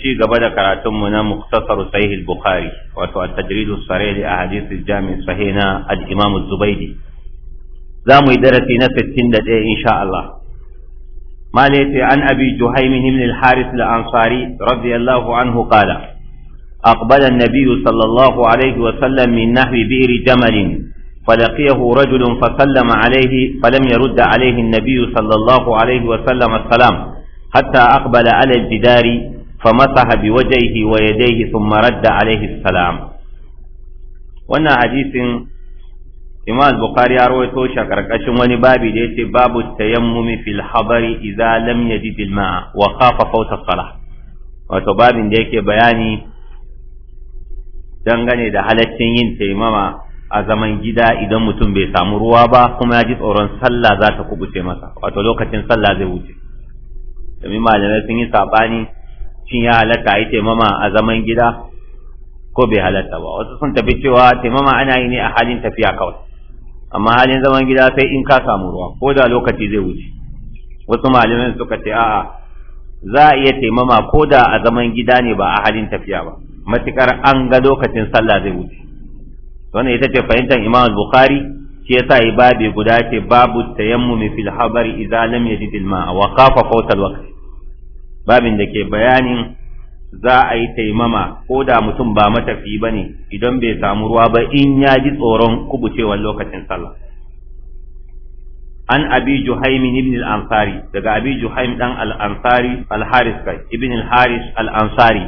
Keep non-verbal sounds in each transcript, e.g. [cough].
ci gaba da karatunmu na muktasar sahih al-bukhari wato at-tajrid as-sarih li ahadith al-jami' sahih na al-imam az-zubaydi zamu yi darasi na 61 insha Allah malati an abi juhaym ibn al-harith al-ansari radiyallahu anhu qala أقبل النبي صلى الله عليه وسلم من نحو بئر جمل فلقيه رجل فسلم عليه فلم يرد عليه النبي صلى الله عليه وسلم السلام حتى أقبل على الجدار فمسح بوجهه ويديه ثم رد عليه السلام wannan hadisin imam bukhari ya rawaito shi karkashin wani babi da yace babu ta yammumi habari idza lam yajid al wa khafa fawta salah wato babin da yake bayani dangane da halaccin yin taimama a zaman gida idan mutum bai samu ruwa ba kuma ya ji tsoron sallah za ta kubuce masa wato lokacin sallah zai wuce domin malamai sun yi saɓani. shin ya halatta a yi taimama a zaman gida ko bai halatta ba wasu sun tafi cewa taimama ana yi ne a halin tafiya kawai amma halin zaman gida sai in ka samu ruwa ko da lokaci zai wuce wasu malamai suka ce a'a za a iya taimama ko da a zaman gida ne ba a halin tafiya ba matukar an ga lokacin sallah zai wuce wannan ita ce fahimtar imam bukhari shi yasa yi babi guda ce babu tayammumi fil habari idza lam yajid al ma'a wa qafa fawt al waqt babin da ke bayanin za a yi taimama ko da mutum ba matafi ba ne idan bai samu ruwa ba in ya ji tsoron kubucewar lokacin sallah an abi juhaimin ibn al-ansari daga abi juhaim dan al-ansari al-haris kai ibn al-haris al-ansari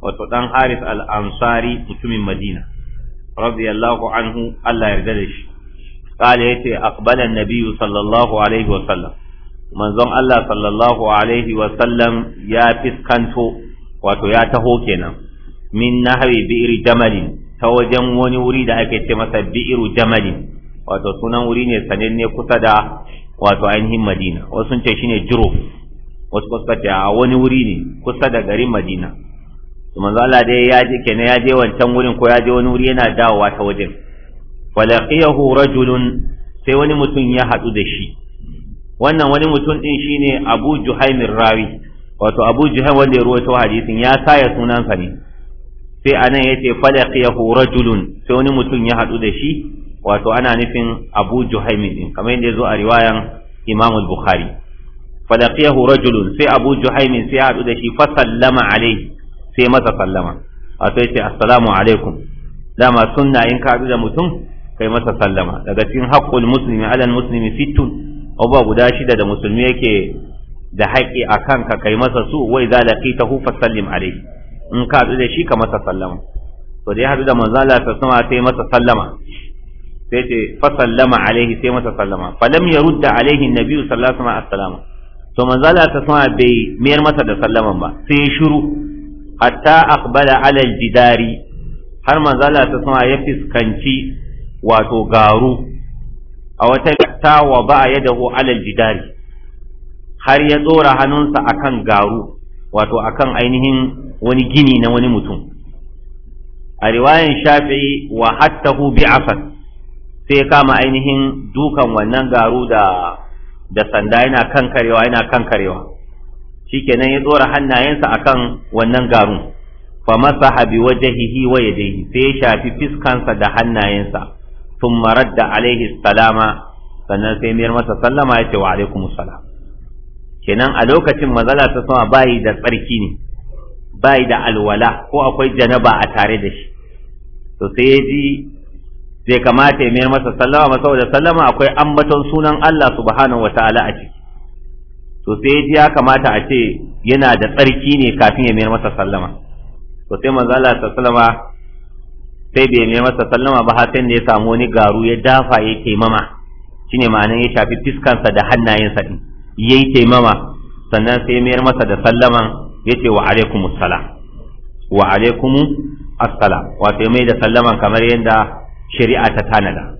wato dan haris al-ansari mutumin madina radiyallahu anhu Allah ya yarda da shi قال يتي أقبل النبي صلى الله عليه وسلم manzon Allah sallallahu alaihi wasallam ya fiskanto wato ya taho kenan min nahri bi'ir jamalin ta wajen wani wuri da ake ce masa bi'iru jamalin wato sunan wuri ne sanenne kusa da wato ainihin Madina wasu ce shine Juruf wasu kusa ce a wani wuri ne kusa da garin Madina to manzo Allah dai ya je kenan ya je wancan wurin ko ya je wani wuri yana dawowa ta wajen walaqiyahu rajulun sai wani mutum ya haɗu da shi wannan wani mutum din shine Abu Juhaimin Rawi wato Abu Juhaim wanda ya ruwaito hadisin ya saya sunansa ne sai anan yace falaqiyahu rajulun sai wani mutum ya hadu da shi wato ana nufin Abu Juhaim din kamar yadda yazo a riwayan Imam al-Bukhari falaqiyahu rajulun sai Abu Juhaim sai ya hadu da shi fa sallama alaihi sai masa sallama wato yace assalamu alaikum dama sunna in ka hadu da mutum kai masa sallama daga cikin haqqul muslimi alal muslimi fitun abubuwa guda shida da musulmi yake da haƙƙi a kanka kai masa su wai za da ta hufa sallim alai in ka haɗu da shi ka masa sallama to da ya haɗu da manzala lafiya sama sai masa sallama sai ce fa sallama alaihi sai masa sallama falam ya rudda alaihi nabi sallallahu alaihi wasallam to manzala lafiya sama bai mayar masa da sallaman ba sai shiru hatta aqbala ala aljidari har manzala lafiya sama ya fiskanci wato garu a wata ta wa ba dahu alal jidari har ya tsora hannunsa a kan garu wato a kan ainihin wani gini na wani mutum a riwayan shafi wa hu bi asad sai kama ainihin dukan wannan garu da da sanda yana karewa yana shi shikenan ya tsora hannayensa a kan wannan garun fa masa habi wajahihi wa yadaihi sai ya shafi fiskansa da hannayensa ثم da عليه السلام sannan sai miyar masa sallama ya ce wa alaikum salam kenan a lokacin mazala ta sama bayi da tsarki ne bayi da alwala ko akwai janaba a tare da shi to sai ya ji zai kamata ya miyar masa sallama masa da sallama akwai ambaton sunan Allah subhanahu wataala a ciki to sai ya ji ya kamata a ce yana da tsarki ne kafin ya miyar masa sallama to sai mazala ta sallama sai bai mai masa sallama ba sai da ya samu wani garu ya dafa ya taimama shine ma'anin ya shafi fiskansa da hannayensa ɗin ya yi taimama sannan sai mayar masa da sallaman ya ce wa alaikumus salam wa alaikumus assalam wato mai da sallaman kamar yadda shari'a ta tanada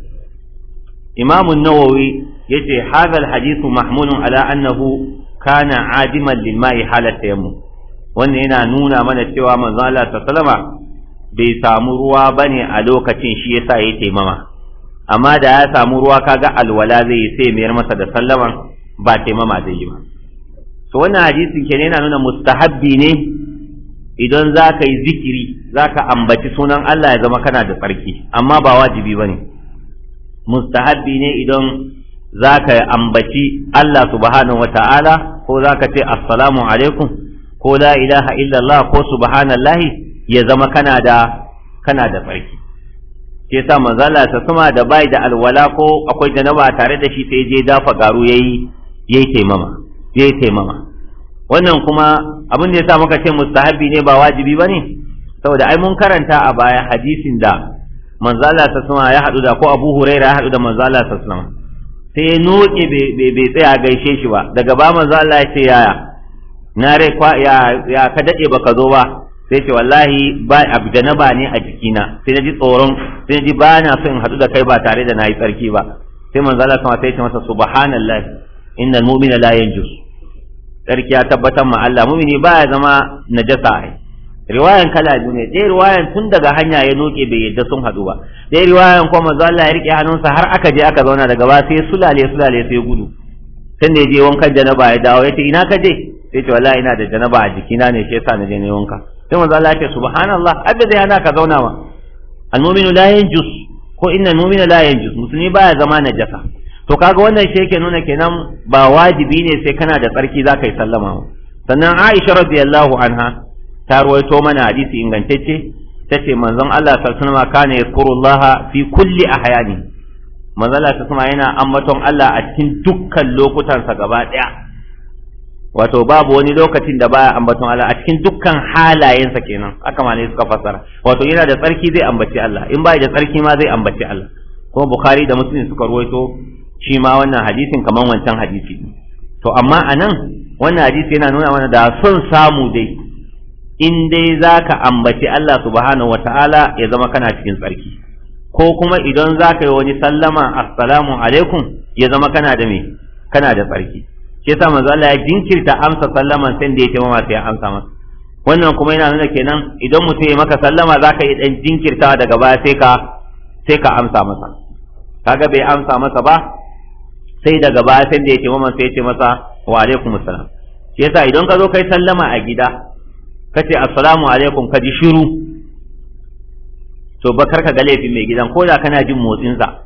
imam an-nawawi ya ce al hadisu mahmunun ala annahu kana adiman lil halatta yammu wannan yana nuna mana cewa manzo Allah sallama bai samu ruwa bane a lokacin shi yasa ya taimama amma da ya samu ruwa kaga alwala zai yi sai mayar masa da sallama ba taimama zai yi ba to wannan hadisin kenan yana nuna mustahabbi ne idan za ka yi zikiri za ka ambaci sunan Allah ya zama kana da tsarki amma ba wajibi ba ne mustahabbi ne idan za ka ambaci Allah subhanahu wa ta'ala ko za ka ce assalamu alaikum ko la ilaha illallah ko subhanallahi ya zama kana da kana da tsarki Ke sa Manzala ta sama da bai da alwala ko akwai naba tare da shi sai je dafa garu yayi yayi taimama yayi taimama wannan kuma abin da yasa muka ce mustahabi ne ba wajibi bane saboda ai mun karanta a baya hadisin da Manzala ta sama ya hadu da ko Abu Huraira ya hadu da Manzala ta sama sai ya noke bai tsaya gaishe shi ba daga ba Manzala ya ce yaya na rai ya ka dade baka zo ba sai ce wallahi ba abu janaba ne a jikina sai na ji tsoron sai na ji ba na so in haɗu da kai ba tare da na yi tsarki ba sai manzo Allah kuma sai ce masa subhanallahi innal mu'mina la yanjus tsarki ya tabbatar ma Allah mu'mini ba ya zama najasa ai riwayan kala biyu ne dai riwayan tun daga hanya ya noke bai yadda sun haɗu ba dai riwayan kuma manzo Allah ya rike hannunsa har aka je aka zauna daga ba sai sulale sulale sai gudu tun da ya je wankan janaba ya dawo ya ce ina ka je sai ce wallahi ina da janaba a jikina ne shi yasa na je ne wanka sai manzo Allah ya ce subhanallah abda hana ka zauna ba almu'minu la yanjus ko innal mu'mina la yanjus musulmi baya zama najasa to kaga wannan shi yake nuna kenan ba wajibi ne sai kana da tsarki zaka yi sallama sannan Aisha radiyallahu anha ta ruwaito mana hadisi ingantacce tace manzon Allah sallallahu alaihi wasallam kana yadhkurullaha fi kulli ahyani manzon Allah sallallahu alaihi wasallam yana ambaton Allah a cikin dukkan lokutansa gaba daya wato babu wani lokacin da baya ambaton Allah a cikin dukkan halayensa kenan aka ma ne suka fassara wato yana da tsarki zai ambaci Allah in baya da tsarki ma zai ambaci Allah kuma Bukhari da Muslim suka ruwaito shi ma wannan hadisin kaman wancan hadisi to amma anan wannan hadisi yana nuna mana da son samu dai in dai zaka ambaci Allah subhanahu wataala ya zama kana cikin tsarki ko kuma idan zaka yi wani sallama assalamu alaikum ya zama kana da me kana da tsarki shi yasa manzo Allah ya jinkirta amsa sallama sai da ya taimama sai ya amsa masa wannan kuma yana nuna kenan idan mutum ya maka sallama zaka yi dan jinkirta daga baya sai ka sai ka amsa masa kaga bai amsa masa ba sai daga baya sai da ya taimama sai ya ce masa wa alaikum assalam shi yasa idan ka zo kai sallama a gida ka ce assalamu alaikum ka ji shiru to ba karka ga laifin mai gidan ko da kana jin motsinsa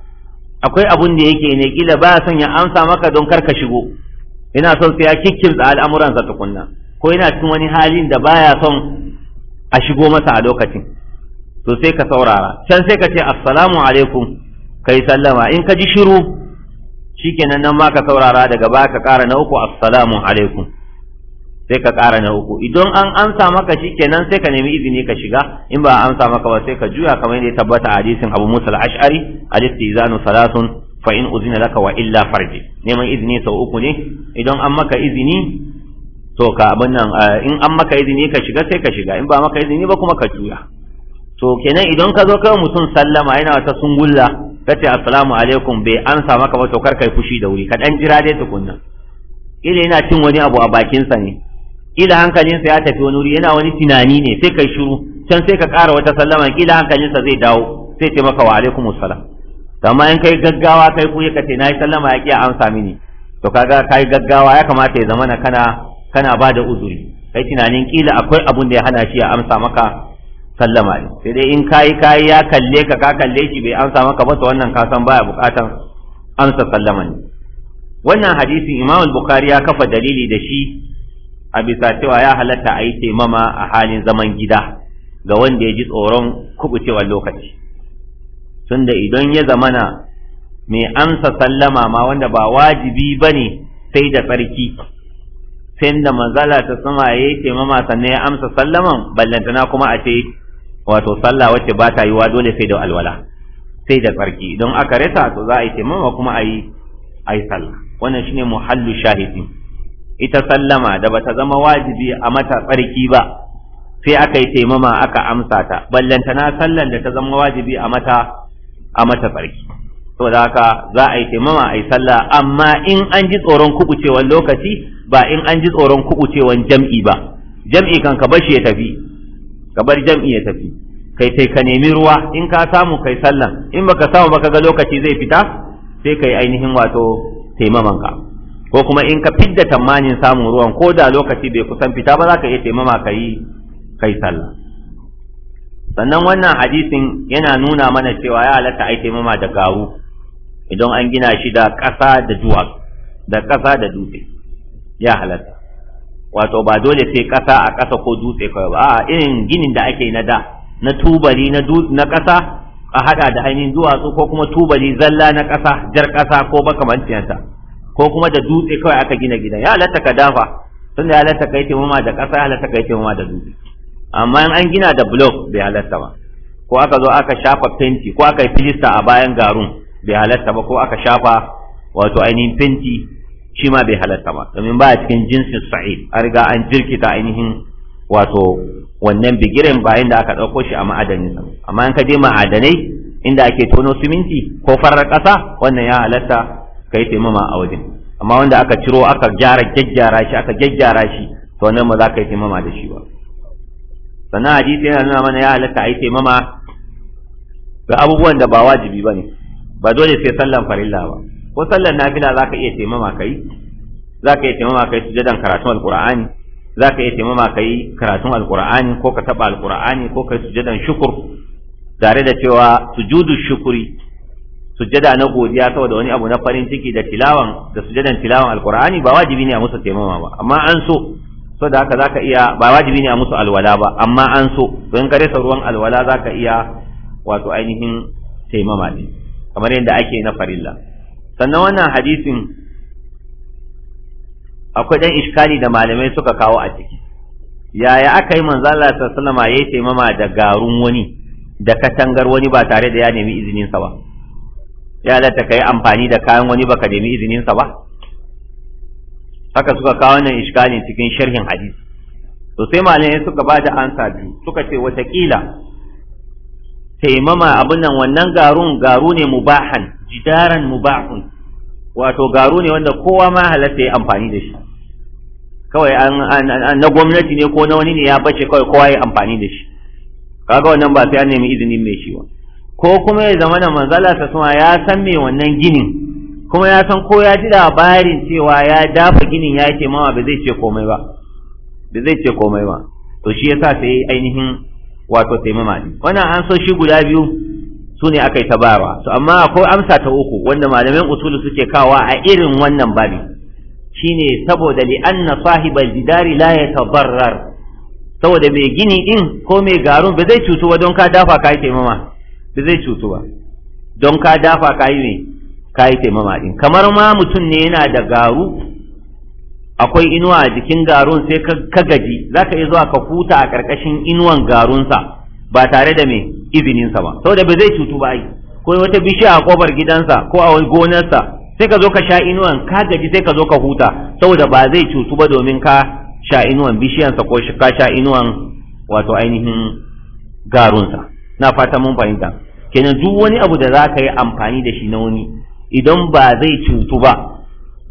akwai abun da yake ne kila ba son ya amsa maka don karka shigo Ina son sai ya kikkimtsa al'amuransa tukunna ko yana cikin wani halin da baya son a shigo masa a lokacin to sai ka saurara can sai ka ce assalamu alaikum kai sallama in ka ji shiru shikenan nan ma ka saurara daga baya ka ƙara na uku assalamu alaikum sai ka ƙara na uku idan an amsa maka shikenan sai ka nemi izini ka shiga in ba an amsa maka ba sai ka juya kamar yadda ya tabbata a hadisin Abu Musa al-Ash'ari al-istizanu Salasun. fa in uzina laka wa illa farji neman izini sau uku ne idan an maka izini to ka abin nan eh, in an maka izini ka shiga sai ka shiga in ba maka izini ba kuma ka juya to kenan idan ka zo kai mutum sallama yana wata sungulla ce assalamu alaikum bai ansa maka ba to kar kai fushi da wuri ka dan jira dai tukunna ila yana cin wani abu a bakinsa ne ila hankalinsa ya tafi wani wuri yana wani tunani ne sai kai shiru can sai ka ƙara wata sallama kila hankalinsa zai dawo sai ce maka wa salam amma in kai gaggawa kai kuya ka ce yi sallama ya kiya amsa mini to kaga kai gaggawa ya kamata ya zamana kana kana ba da uzuri kai tunanin kila akwai abun da ya hana shi ya amsa maka sallama ne sai dai in kai kai ya kalle ka ka kalle shi bai amsa maka ba to wannan ka san baya bukatan amsa sallama ne wannan hadisin Imam al-Bukhari ya kafa dalili da shi a bisa cewa ya halatta a yi taimama a halin zaman gida ga wanda ya ji tsoron kubucewar lokaci tunda idan ya zamana mai amsa sallama ma wanda ba wajibi ba ne sai da tsarki sai da manzala ta sama ya yi taimama sannan ya amsa sallaman ballantana kuma a ce wato sallah wacce ba ta yiwa dole sai da alwala sai da tsarki don aka rasa to za a yi taimama kuma a yi sallah wannan shine muhallu shahidi ita sallama da bata zama wajibi a mata tsarki ba sai aka yi taimama aka amsa ta ballantana sallan da ta zama wajibi a mata a mata tsarki da haka za a yi taimama a yi sallah amma in an ji tsoron kubucewan lokaci ba in an ji tsoron kubucewan jam'i ba jam'i kan ka bashi ya tafi ka bar jam'i ya tafi kai sai ka nemi ruwa in ka samu kai sallah, in baka samu baka ga lokaci zai fita sai kai ainihin wato taimaman ka ko kuma in ka fidda tamanin samun ruwan ko da lokaci bai kusan fita ba za ka iya taimama ka yi kai sallah sannan wannan hadisin yana nuna mana cewa ya halatta ai taimama da garu idan an gina shi da ƙasa da duwatsu da ƙasa da dutse ya halatta wato ba dole sai ƙasa a ƙasa ko dutse kawai ba a irin ginin da ake na da na tubali na na ƙasa a haɗa da ainihin duwatsu ko kuma tubali zalla na ƙasa jar ƙasa ko makamancinsa ko kuma da dutse kawai aka gina gidan ya halatta ka dafa tunda ya halatta kai taimama da ƙasa ya halatta kai taimama da dutse amma in an gina da block bai halatta ba ko aka zo aka shafa fenti ko aka yi filista a bayan garun bai halatta ba ko aka shafa wato ainihin fenti shi ma bai halatta ba domin ba cikin jinsin sa'id an riga an jirkita ainihin wato wannan bigiren bayan da aka ɗauko shi a ma'adanin sa amma in ka je ma'adanai inda ake tono siminti ko farar ƙasa wannan ya halatta ka yi taimama a wajen amma wanda aka ciro aka gyara gyaggyara shi aka gyaggyara shi to wannan ba za ka yi taimama da shi ba sannan hadisi yana nuna mana ya halatta a yi taimama ga abubuwan da ba wajibi ba ne ba dole sai sallan farilla ba ko sallan nafila za ka iya taimama ka yi za ka iya taimama ka yi sujadan karatun alkur'ani za ka iya taimama ka yi karatun alkur'ani ko ka taɓa alkur'ani ko ka yi sujadan shukur tare da cewa sujudu shukuri sujada na godiya saboda wani abu na farin ciki da tilawan da sujadan tilawan alkur'ani ba wajibi ne a musu taimama ba amma an so so da haka zaka iya ba wajibi ne a musu alwala ba amma an so to in ka rasa ruwan alwala zaka iya wato ainihin taimama ne kamar yadda ake na farilla sannan wannan hadisin akwai dan iskali da malamai suka kawo a ciki yaya aka yi manzo Allah sallallahu alaihi yayi taimama da garun wani da katangar wani ba tare da ya nemi izinin sa ba ya halatta kai amfani da kayan wani baka nemi izinin sa ba haka suka kawo wannan iskalin cikin sharhin hadisi to sai malamai suka ba da ansa biyu suka ce watakila taimama abin nan wannan garun garu ne mubahan jidaran mubahun wato garu ne wanda kowa ma halatta ya amfani da shi kawai an na gwamnati ne ko na wani ne ya bace kawai kowa ya amfani da shi kaga wannan ba sai an nemi izinin mai shi ba ko kuma ya zama na manzala ta suma ya san me wannan ginin kuma ya san ko ya ji labarin cewa ya dafa ginin ya yake mawa ba zai ce komai ba ba zai ce komai ba to shi yasa sai ainihin wato taimama ne wannan an so shi guda biyu su ne aka yi ta bayarwa to amma akwai amsa ta uku wanda malamin usulu suke kawa a irin wannan babi shine saboda li anna sahibal jidari la yatadarrar saboda mai gini din ko mai garun ba zai cutu ba don ka dafa ka yi taimama ba zai cutu ba don ka dafa ka yi kayi taimama din kamar ma mutum ne yana da garu akwai inuwa a jikin garun sai ka gaji zaka iya zuwa ka huta a karkashin inuwan garunsa ba tare da me izininsa ba saboda ba zai cutu ba ai ko wata bishiya a kofar gidansa ko a gonarsa sai ka zo ka sha inuwan ka gaji sai ka zo ka huta saboda ba zai cutu ba domin ka sha inuwan bishiyansa ko ka sha inuwan wato ainihin garunsa na fata mun fahimta kenan duk wani abu da za ka yi amfani da shi na wani idan ba zai cutu ba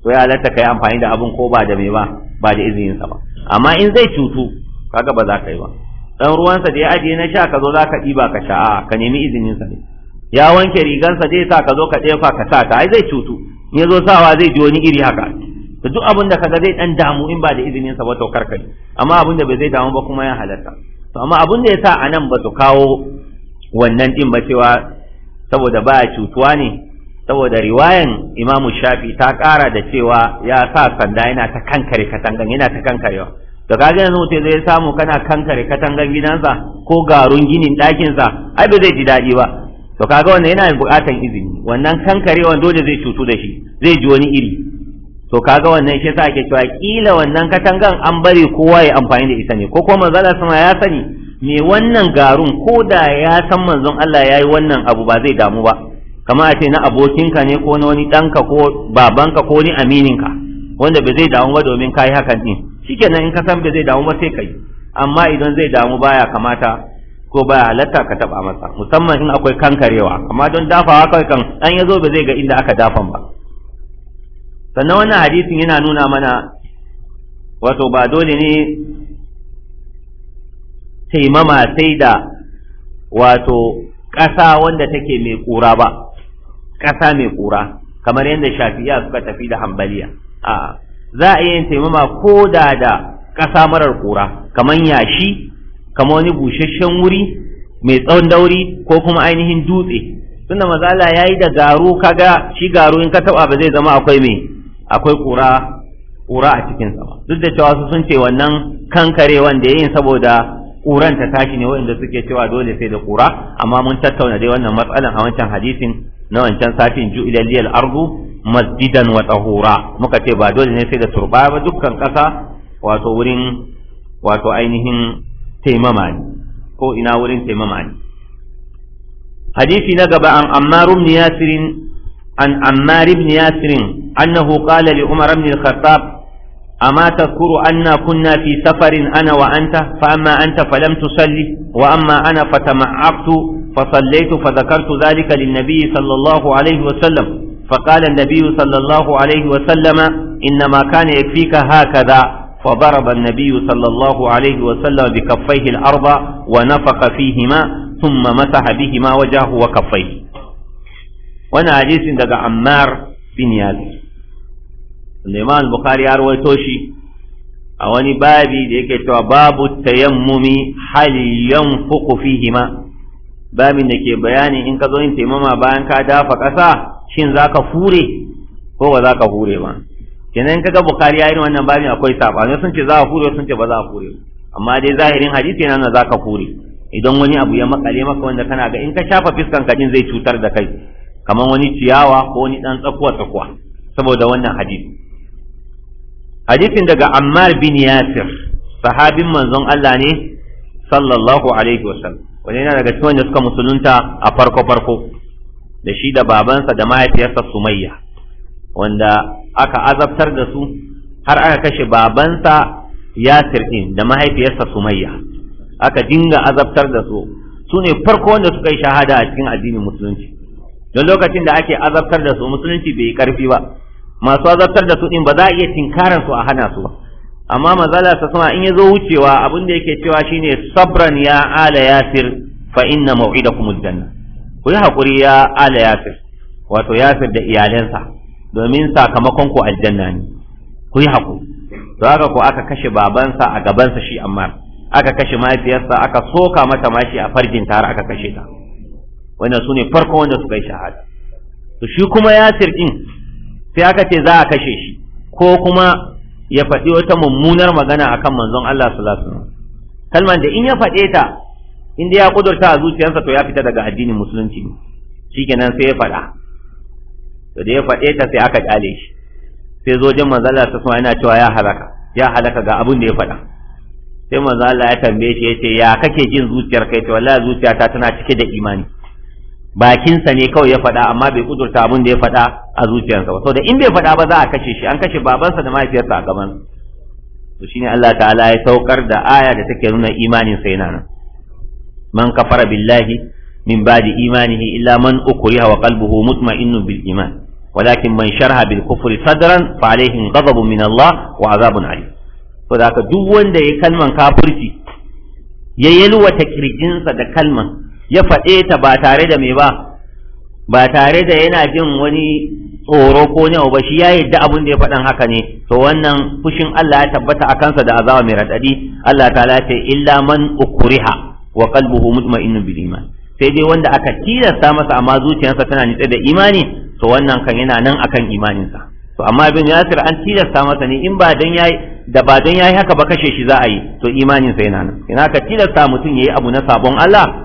to ya halatta kai amfani da abun ko ba da me ba ba da izinin ba amma in zai cutu kaga ba za ka yi ba dan ruwansa da ya ajiye na sha ka zo za ka ɗiba ka sha ka nemi izinin ya wanke rigansa zai sa ka zo ka ɗefa ka sa ta ai zai cutu in ya zo sawa zai ji wani iri haka da duk abin da kaga zai dan damu in ba da izinin sa ba to karka amma abin da bai zai damu ba kuma ya halatta to amma abin da ya sa a nan ba su kawo wannan din ba cewa saboda baya cutuwa ne saboda riwayan imamu shafi ta kara da cewa ya sa sanda yana ta kankare katangan yana ta kankarewa to kaga gina mutum zai samu kana kankare katangan gidansa ko garun ginin ɗakinsa ai ba zai ji daɗi ba to kaga wannan yana buƙatan izini wannan kankarewan dole zai cutu da shi zai ji wani iri to kaga wannan shi sa ake cewa kila wannan katangan an bari kowa ya amfani da ita ne ko kuma manzon sama ya sani me wannan garun ko da ya san manzon Allah yayi wannan abu ba zai damu ba kamar a ce na abokinka ne ko na wani ɗanka ko babanka ko wani amininka wanda ba zai damu ba domin ka hakan ɗin shikenan in ka san ba zai damu ba sai kai amma idan zai damu baya kamata ko baya halatta ka taɓa masa musamman in akwai kankarewa amma don dafawa kawai kan an ya zo ba zai ga inda aka dafan ba sannan wannan hadisin yana nuna mana wato ba dole ne taimama sai da wato ƙasa wanda take mai ƙura ba ƙasa mai ƙura kamar yadda shafiya suka tafi da hambaliya a za a yi taimama ko da da ƙasa marar ƙura kamar yashi kamar wani busasshen wuri mai tsawon dauri ko kuma ainihin dutse tunda mazala ya yi da garu kaga shi garu in ka taɓa ba zai zama akwai mai akwai ƙura ƙura a cikin sama duk da cewa su sun ce wannan kankare wanda ya yin saboda ƙuran ta tashi ne wanda suke cewa dole sai da ƙura amma mun tattauna dai wannan matsalan a wancan hadisin na wancan satin ju ilaliyal ardu masjidan wa tahura muka ce ba dole ne sai da turba ba dukkan kasa wato wurin wato ainihin taimama ne ko ina wurin taimama ne hadisi na gaba an ammar ibn yasir an ammar ibn yasir annahu qala li umar ibn al-khattab أما تذكر أنا كنا في سفر أنا وأنت فأما أنت فلم تصلي وأما أنا فتمعقت فصليت فذكرت ذلك للنبي صلى الله عليه وسلم فقال النبي صلى الله عليه وسلم إنما كان يكفيك هكذا فضرب النبي صلى الله عليه وسلم بكفيه الأرض ونفق فيهما ثم مسح بهما وجهه وكفيه وانا حديث دقى عمار بن ياسر الإمام البخاري أروي توشي أواني بابي ديكي باب التيمم هل ينفق فيهما babin da ke bayani in ka zo yin taimama bayan ka dafa ƙasa shin za ka hure ko ba za ka hure ba kenan kaga bukari yi wannan babin akwai sabani sun ce za a hure sun ce ba za a hure amma dai zahirin hadisi yana za ka hure idan wani abu ya makale maka wanda kana ga in ka shafa fiskan ka din zai cutar da kai kamar wani ciyawa ko wani dan tsakuwa tsakuwa saboda wannan hadisi hadisin daga Ammar bin Yasir sahabin manzon Allah ne sallallahu alaihi wasallam wani yana daga cikin wanda suka musulunta a farko farko da shi da babansa da mahaifiyarsa sumayya wanda aka azabtar da su har aka kashe babansa ya din da mahaifiyarsa sumayya aka dinga azabtar da su su ne farko wanda suka yi shahada a cikin addinin musulunci don lokacin da ake azabtar da su musulunci bai yi karfi ba masu azabtar da su din ba za a iya tinkaran su a hana su ba amma mazala ta sama in ya zo wucewa abin da yake cewa shine sabran ya ala yasir fa inna maw'idakum aljanna ku yi hakuri ya ala yasir wato yasir da iyalansa domin sakamakon ku aljanna ne ku yi hakuri to haka ko aka kashe babansa a gabansa shi amma aka kashe mahaifiyarsa aka soka mata mashi a farjin tare aka kashe ta wannan sune farkon wanda suka yi shahada to shi kuma yasir din sai aka ce za a kashe shi ko kuma ya faɗi wata mummunar magana akan manzon Allah sallallahu kalman da in ya faɗe ta in dai ya kudurta a zuciyarsa to ya fita daga addinin musulunci ne, shikenan sai ya faɗa to da ya faɗe ta sai aka kyale shi sai zo jin manzon Allah sallallahu alaihi yana cewa ya halaka ya halaka ga abin da ya faɗa sai manzon Allah ya tambaye shi ya ce ya kake jin zuciyar kai to wallahi zuciyata tana cike da imani bakinsa ne kawai ya faɗa amma bai kudurta abin da ya faɗa a zuciyarsa ba saboda in bai faɗa ba za a kashe shi an kashe babansa da mahaifiyarsa a gaban to shine Allah ta'ala ya saukar da aya da take nuna imanin sa yana nan man kafara billahi min ba'di imanihi illa man ukriha wa qalbuhu mutma'innun bil iman walakin man sharha bil kufri sadran fa alaihim ghadabun min Allah wa azabun alim to da duk wanda ya kalman kafirci ya yalwata kirjinsa da kalman ya faɗe ta ba tare da me ba ba tare da yana jin wani tsoro ko nawa ba shi ya yadda abin da ya faɗan haka ne to wannan fushin Allah ya tabbata a kansa da azaba mai raɗaɗi Allah ta ce illa man ukuriha wa qalbuhu mutma'innun bil iman sai dai wanda aka tilasta masa amma zuciyarsa tana nitse da imani to wannan kan yana nan akan imaninsa to amma bin yasir an tilasta masa ne in ba dan yayi da ba dan yayi haka ba kashe shi za a yi to imaninsa yana nan ina ka tilasta mutum yayi abu na sabon Allah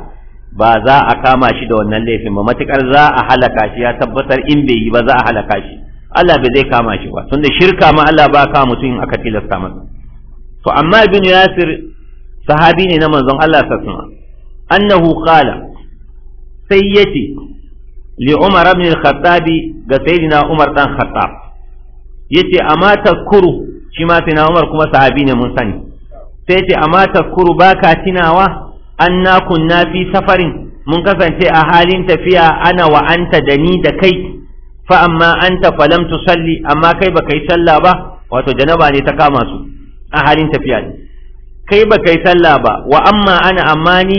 ba za a kama shi da wannan laifin ba matukar za a halaka shi ya tabbatar in bai yi ba za a halaka shi Allah bai zai kama shi ba tunda shirka ma Allah ba ka mutum aka tilasta masa to amma ibn yasir sahabi ne na manzon Allah sallallahu annahu qala sai yace li umar ibn al-khattab ga sayyidina umar dan khattab yace amma takuru shi ma sayyidina umar kuma sahabi ne mun sani sai yace amma takuru baka tinawa anna kunna fi safarin mun kasance a halin tafiya ana wa anta da ni da kai fa amma anta lam tusalli amma kai baka yi sallah ba wato janaba ne ta kama su a halin tafiya ne kai baka yi sallah ba wa amma ana amma ni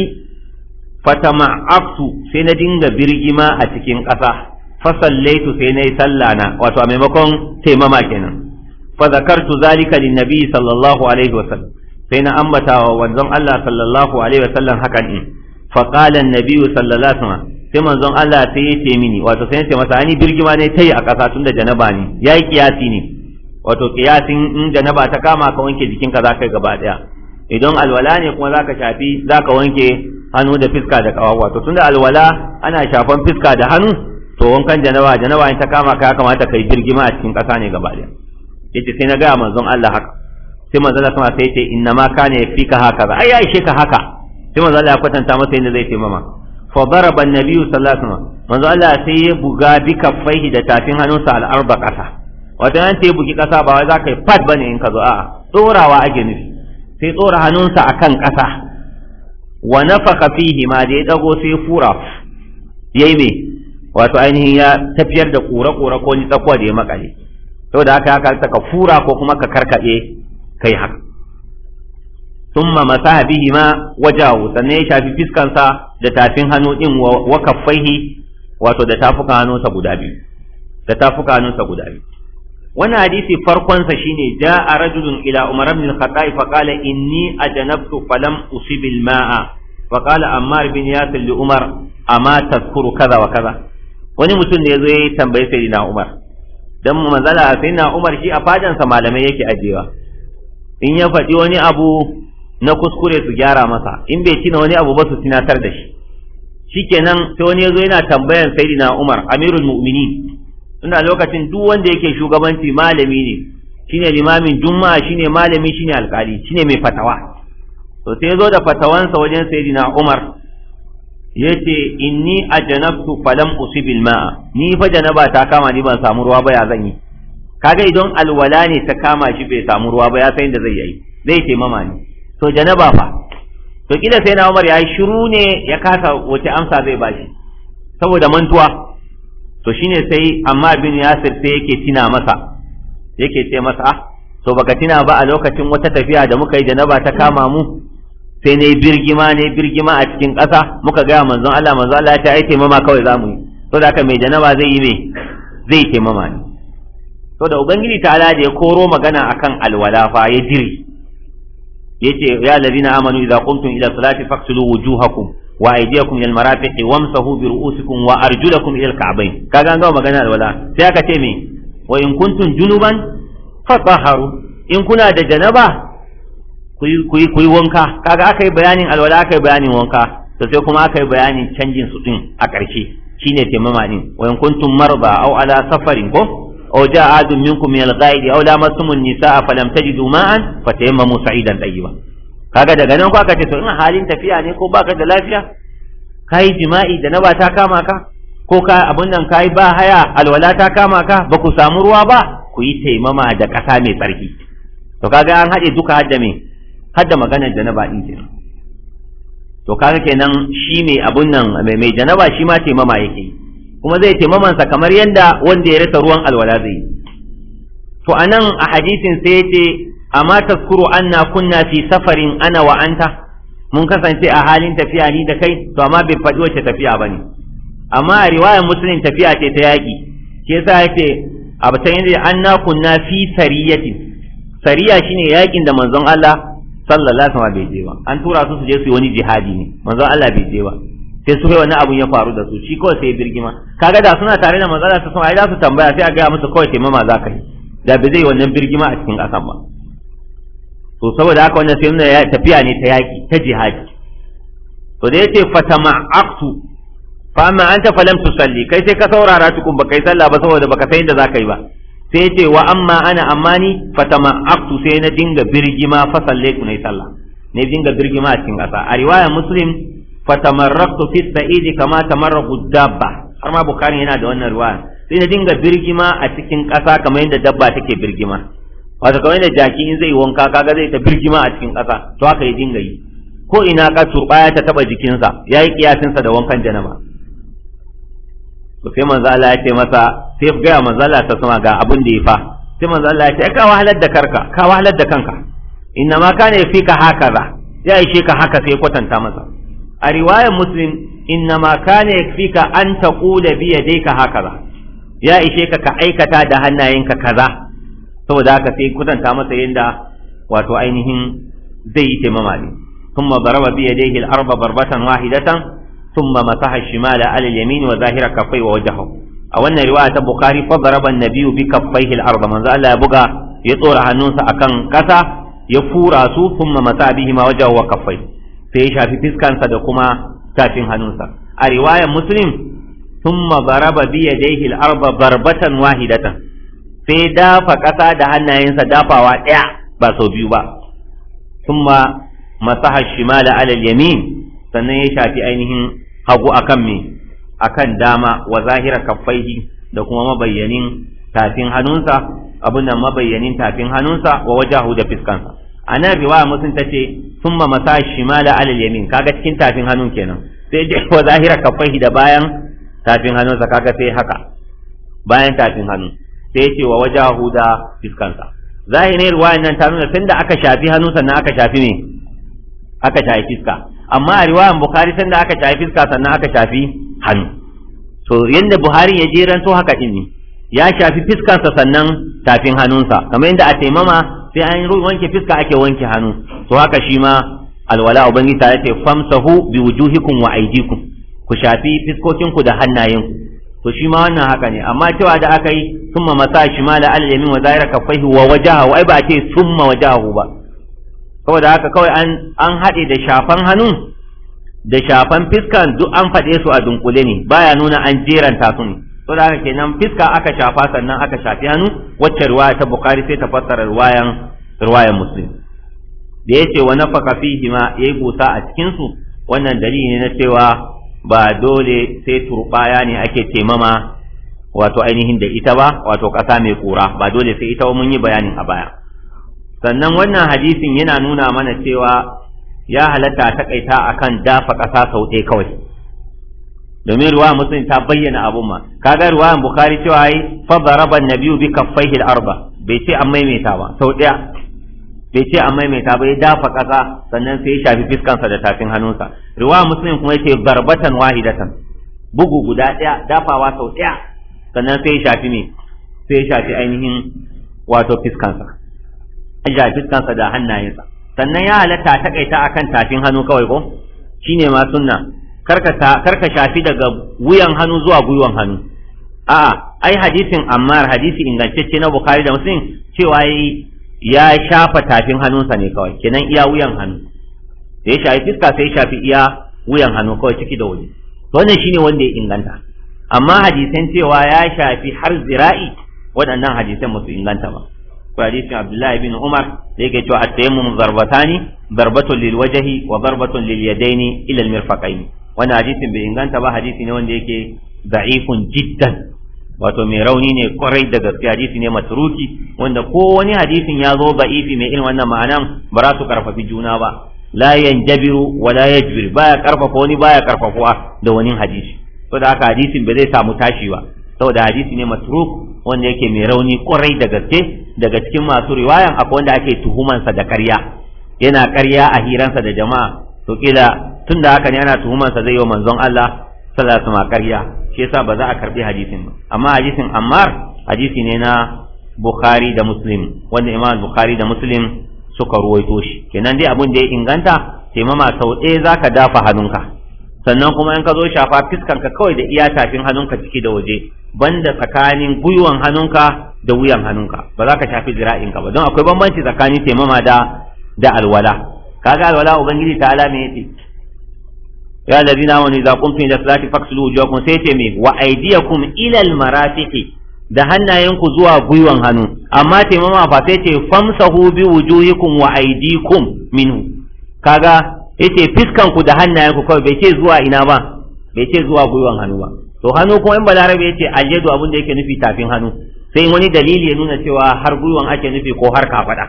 fatama'aftu sai na dinga birgima a cikin ƙasa sallaitu sai na yi sallah na wato a maimakon taimama kenan fa zakartu zalika nabi sallallahu alaihi wasallam sai na ambata wa wanzan Allah sallallahu alaihi wasallam hakan in fa qala an sallallahu alaihi wasallam sai manzon Allah sai ya ce mini wato sai ya ce masa ani birgima ne tai a ƙasa tun da janaba ne yayi kiyasi ne wato kiyasin in janaba ta kama ka wanke jikinka za ka gaba daya idan alwala ne kuma za ka shafi za ka wanke hannu da fiska da kawa wato tunda alwala ana shafan fiska da hannu to wankan janaba janaba in ta kama ka ya kamata kai birgima a cikin ƙasa ne gaba daya yace sai na ga manzon Allah haka sai manzo Allah sama sai ya ce inna ma kana yafika haka ai ya ishe ka haka sai manzo Allah ya kwatanta masa inda zai taimama fa daraba annabi sallallahu alaihi wasallam manzo Allah sai ya buga bika kaffaihi da tafin hannunsa al-arba kasa wato an ta bugi kasa ba wai za ka yi fat bane in ka zo a'a tsorawa ake nufi sai tsora hannunsa akan kasa wa nafaka fihi ma da ya dago sai fura yayi me wato ainihin ya tafiyar da kura kura ko ni tsakuwa da ya makale saboda haka haka ka fura ko kuma ka karkade kai haka thumma masaha bihi ma wajahu sannan ya shafi fiskansa da tafin hannu din wa kaffaihi wato da tafuka hannunsa guda biyu da tafuka hannunsa guda biyu wannan hadisi farkon sa shine ja'a rajulun ila umar ibn al-khattab fa qala inni ajanabtu falam usib al-ma'a fa qala ammar bin yasir li umar amma tadhkuru kaza wa kaza wani mutum ne yazo ya tambayi sayyidina umar dan manzala sayyidina umar shi a fadansa malamai yake ajewa in ya faɗi wani abu na kuskure su gyara masa in bai tina wani abu ba su tinatar da shi shikenan sai wani yazo yana tambayan sayyidina Umar Amirul Mu'minin tunda lokacin duk wanda yake shugabanci malami ne shine limamin juma'a shine malami shine alkali shine mai fatawa to sai yazo da fatawansa wajen sayyidina Umar yace inni ajanabtu falam usibil ma'a ni fa janaba ta kama ni ban samu ruwa ba ya zan yi kaga idan alwala ne ta kama shi bai samu ruwa ba ya san inda zai yi zai taimama ne to janaba fa to kila sai na Umar ya yi shiru ne ya kasa wace amsa zai bashi saboda mantuwa to shine sai amma bin Yasir sai yake tina masa yake ce masa ah to baka tina ba a lokacin wata tafiya da muka yi janaba ta kama mu sai ne birgima ne birgima a cikin ƙasa muka gaya manzon Allah manzon Allah ya ce ai taimama kawai zamu yi to da haka mai janaba zai yi me zai taimama ne to da ubangiji ta da ya koro magana akan alwala fa ya diri yace ya ladina amanu idza qumtum ila salati faqtulu wujuhakum wa aydiyakum ila almarafiqi wamsahu bi ru'usikum wa arjulakum ila alka'bayn kaga an ga magana alwala sai aka ce me wa in kuntum junuban fatahharu in kuna da janaba ku yi wanka kaga aka yi bayanin alwala aka yi bayanin wanka to sai kuma aka yi bayanin canjin su din a ƙarshe shine taimama din wa in kuntum marba aw ala safarin ko aw jaa adun minkum min al-ghaid aw lamastum an-nisaa falam tajidu ma'an fatayammamu kaga daga nan ko aka ce to in halin tafiya ne ko baka da lafiya kai jima'i da na ba ta kama ka ko ka abun nan kai ba haya alwala ta kama ka ba ku samu ruwa ba ku yi taimama da ƙasa mai tsarki to kaga an haɗe duka hadda me hadda maganar janaba din kenan to kaga kenan shi mai abun nan mai janaba shi ma taimama yake yi kuma zai taimamansa kamar yadda wanda ya rasa ruwan alwala zai yi to anan a hadisin sai ya ce amma taskuru anna kunna fi safarin ana wa anta mun kasance a halin tafiya ni da kai to amma bai faɗi wacce tafiya bane amma a riwayar musulun tafiya ce ta yaƙi sa ya ce a batan yadda anna kunna fi sariyatin sariya shine yakin da manzon Allah sallallahu alaihi wasallam bai je ba an tura su su je su yi wani jihadi ne manzon Allah bai je ba sai su kai wani abun ya faru da su shi kawai sai birgima kaga da suna tare da matsala ta sama ai za su tambaya sai a gaya musu kawai taimama za ka yi da bai zai wannan birgima a cikin kasan ba to saboda haka wannan sai ya tafiya ne ta yaƙi ta jihadi to da yace aqtu fa amma anta falam tusalli kai sai ka saurara tukun ba kai sallah ba saboda baka san inda za ka yi ba sai yace wa amma ana amani aqtu sai na dinga birgima fa sallaitu ne sallah ne dinga birgima a cikin ƙasa a riwayar muslim fatamarraqtu fi sa'idi kama tamarraqu dabba har ma bukhari yana da wannan riwaya sai na dinga birgima a cikin ƙasa kamar yadda dabba take birgima wato kamar yadda jaki in zai wanka kaga zai ta birgima a cikin ƙasa to haka ya dinga yi ko ina ka ya ta taba jikinsa yayi ƙiyasinsa da wankan janaba to sai manzo Allah ya ce masa sai ga manzo Allah ta sama ga abin da ya fa sai manzo Allah ya ce ka wahalar da karka ka wahalar da kanka inna ma kana yafika za ya ishe ka haka sai kwatanta masa a riwayar muslim innama fi ka an taqula bi yadayka hakaza ya ishe ka ka aikata da hannayenka kaza saboda haka sai kutanta masa yadda wato ainihin zai yi taimama ne ثم ضرب بيديه الأرض ضربة واحدة ثم مسح الشمال على اليمين وظاهر كفيه ووجهه أو أن رواية البخاري فضرب النبي بكفيه الأرض من زال يبقى يطور عن نوسى أكن كسا يفور ثم مسح بهما وجهه وكفيه sai ya shafi fiskansa da kuma tafin hannunsa a riwayar muslim thumma zaraba bi yadayhi al-arba barbatan wahidatan sai dafa ƙasa da hannayensa dafawa ɗaya ba sau biyu ba thumma masaha shimala ala al-yamin sannan ya shafi ainihin hagu akan me akan dama wa zahira kaffaihi da kuma mabayyanin tafin hannunsa abin nan mabayyanin tafin hannunsa wa wajahu da fiskansa a nan riwaya musun ta ce summa masa shimala alal yamin kaga cikin tafin hannun kenan sai je [laughs] wa zahira kafai da bayan tafin hannunsa kaga sai haka bayan tafin hannu sai ce wa wajahu da fiskansa zahirin riwayan nan ta nuna tunda aka shafi hannu sannan aka shafi me aka shafi fiska amma a riwayan bukhari sanda aka shafi fiska sannan aka shafi hannu to yadda buhari ya jeran to haka din ne ya shafi fiskansa sannan tafin hannunsa kamar yadda a taimama sai an yi wanke fiska ake wanke hannu to haka shi ma alwala ubangi ta yace famsahu bi wujuhikum wa aydikum ku shafi fiskokinku da hannayen ku to shi ma wannan haka ne amma cewa da aka yi summa masa shimala al yamin wa zahira kaffaihi wa wajahahu ai ba a ce summa wajahahu ba saboda haka kawai an haɗe da shafan hannu da shafan fiskan duk an faɗe su a dunkule ne baya nuna an jeranta su ne to da haka kenan fiska aka shafa sannan aka shafi hannu wacce ruwaya ta bukari sai ta fassara ruwayan ruwayan muslim da yace wa wani fakafi ma yi gusa a cikinsu? wannan dalili ne na cewa ba dole sai turbaya ne ake temama wato ainihin da ita ba wato ƙasa mai kura ba dole sai ita mun yi bayanin a baya sannan wannan hadisin yana nuna mana cewa ya halatta takaita akan dafa ƙasa sau ɗaya kawai domin ruwa muslim ta bayyana abun ma kaga ruwa bukhari cewa ai fa daraba nabiyu bi kaffaihi al-arba bai ce an maimaita ba sau daya bai ce an maimaita ba ya dafa kasa sannan sai ya shafi fiskansa da tafin hannunsa ruwa muslim kuma yace barbatan wahidatan bugu guda daya dafawa sau daya sannan sai ya shafi me sai ya shafi ainihin wato fiskansa ya shafi fiskansa da hannayensa sannan ya halatta takaita akan tafin hannu kawai ko shine ma sunna karka shafi daga wuyan hannu zuwa gwiwan hannu a'a ai hadisin ammar hadisi ingantacce na bukhari da muslim cewa ya shafa tafin hannunsa ne kawai kenan iya wuyan hannu da shafi fiska sai shafi iya wuyan hannu kawai ciki da wuri. to wannan shine wanda ya inganta amma hadisan cewa ya shafi har zira'i waɗannan hadisan musu inganta ba ko hadisin abdullahi bin umar da yake cewa at-tayammum zarbatani darbatun lil wajhi wa darbatun lil yadaini ila al mirfaqaini Wani hadisin bai inganta ba hadisi ne wanda yake da'ifun jiddan wato mai rauni ne kwarai da gaske hadisi ne matruki wanda ko wani hadisin ya zo da'ifi mai irin wannan ma'anan ba za su karfafi juna ba la yanjabiru wa la yajbir baya karfafa wani baya karfafuwa da wani hadisi saboda haka hadisin ba zai samu tashi ba saboda hadisi ne matruk wanda yake mai rauni kwarai da gaske daga cikin masu riwayan akwai wanda ake tuhumansa da karya yana karya a hiransa da jama'a to kila tun da haka ne ana tuhumansa zai yi wa manzon Allah sallallahu alaihi wasallam shi yasa ba za a karbi hadisin ba amma hadisin Ammar hadisi ne na Bukhari da Muslim wanda Imam Bukhari da Muslim suka ruwaito shi kenan dai abun da ya inganta sai mama sau ɗaya zaka dafa hannunka sannan kuma in ka zo shafa ka kawai da iya tafin hannunka ciki da waje banda tsakanin gwiwan hannunka da wuyan hannunka ba za ka shafi zira'inka ba don akwai bambanci tsakanin taimama da da alwala kaga alwala ubangiji ta ala ya ce. ya wani amanu idza qumtum ila salati faghsilu sai ce me wa kun? Ilal da hannayenku zuwa gwiwan hannu amma taimama fa sai ce famsahu bi wujuhikum wa aydikum minhu kaga yace fiskanku da hannayenku kawai bai ce zuwa ina ba bai ce zuwa gwiwan hannu ba to hannu kuma in balarabe yace aljedu abin da yake nufi tafin hannu sai wani dalili ya nuna cewa har gwiwan ake nufi ko har kafada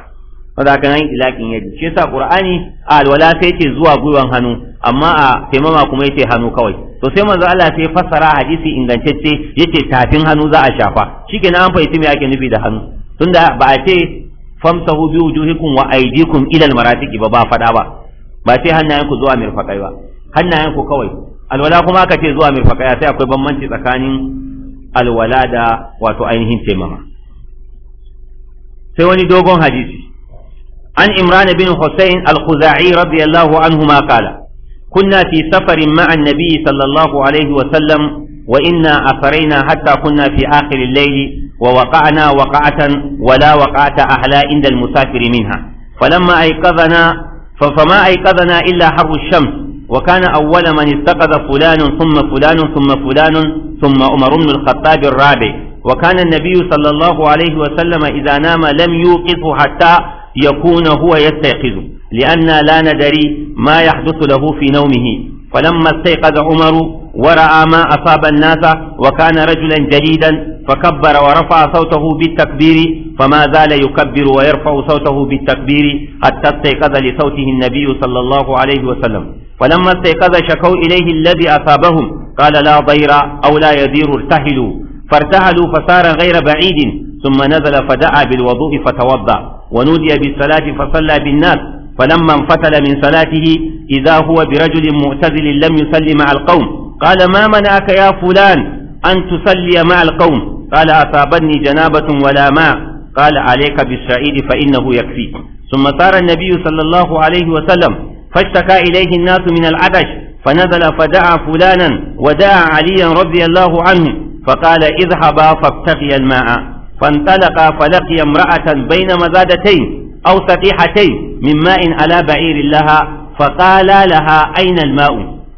saboda haka nan idlaqin yadi shi yasa qur'ani a alwala sai ce zuwa gwiwan hannu amma a taimama kuma yace hannu kawai to sai manzo Allah sai fassara hadisi ingantacce yace tafin hannu za a shafa shikenan an fahimci me ake nufi da hannu tunda ba a ce famsahu bi wujuhikum wa aydikum ila almaratiqi ba ba fada ba ba sai hannayen ku zuwa mirfaqai ba hannayen ku kawai alwala kuma aka ce zuwa mirfaqai sai akwai bambanci tsakanin alwala da wato ainihin taimama sai wani dogon hadisi عن إمران بن حسين الخزاعي رضي الله عنهما قال كنا في سفر مع النبي صلى الله عليه وسلم وإنا أثرينا حتى كنا في آخر الليل ووقعنا وقعة ولا وقعة أحلى عند المسافر منها فلما أيقظنا فما أيقظنا إلا حر الشمس وكان أول من استقذ فلان ثم فلان ثم فلان ثم عمر بن الخطاب الرابع وكان النبي صلى الله عليه وسلم إذا نام لم يوقظ حتى يكون هو يستيقظ لأن لا ندري ما يحدث له في نومه فلما استيقظ عمر ورأى ما أصاب الناس وكان رجلا جديدا فكبر ورفع صوته بالتكبير فما زال يكبر ويرفع صوته بالتكبير حتى استيقظ لصوته النبي صلى الله عليه وسلم فلما استيقظ شكوا إليه الذي أصابهم قال لا ضير أو لا يدير ارتحلوا فارتحلوا فصار غير بعيد ثم نزل فدعا بالوضوء فتوضا ونودي بالصلاة فصلى بالناس فلما انفتل من صلاته إذا هو برجل معتزل لم يصلي مع القوم قال ما منعك يا فلان أن تصلي مع القوم قال أصابتني جنابة ولا ماء قال عليك بالشعير فإنه يكفيك ثم صار النبي صلى الله عليه وسلم فاشتكى إليه الناس من العدش فنزل فدعا فلانا ودعا عليا رضي الله عنه فقال اذهبا فابتغيا الماء فانطلقا فلقي امرأة بين مزادتين أو سفيحتين من ماء على بعير لها فقال لها أين الماء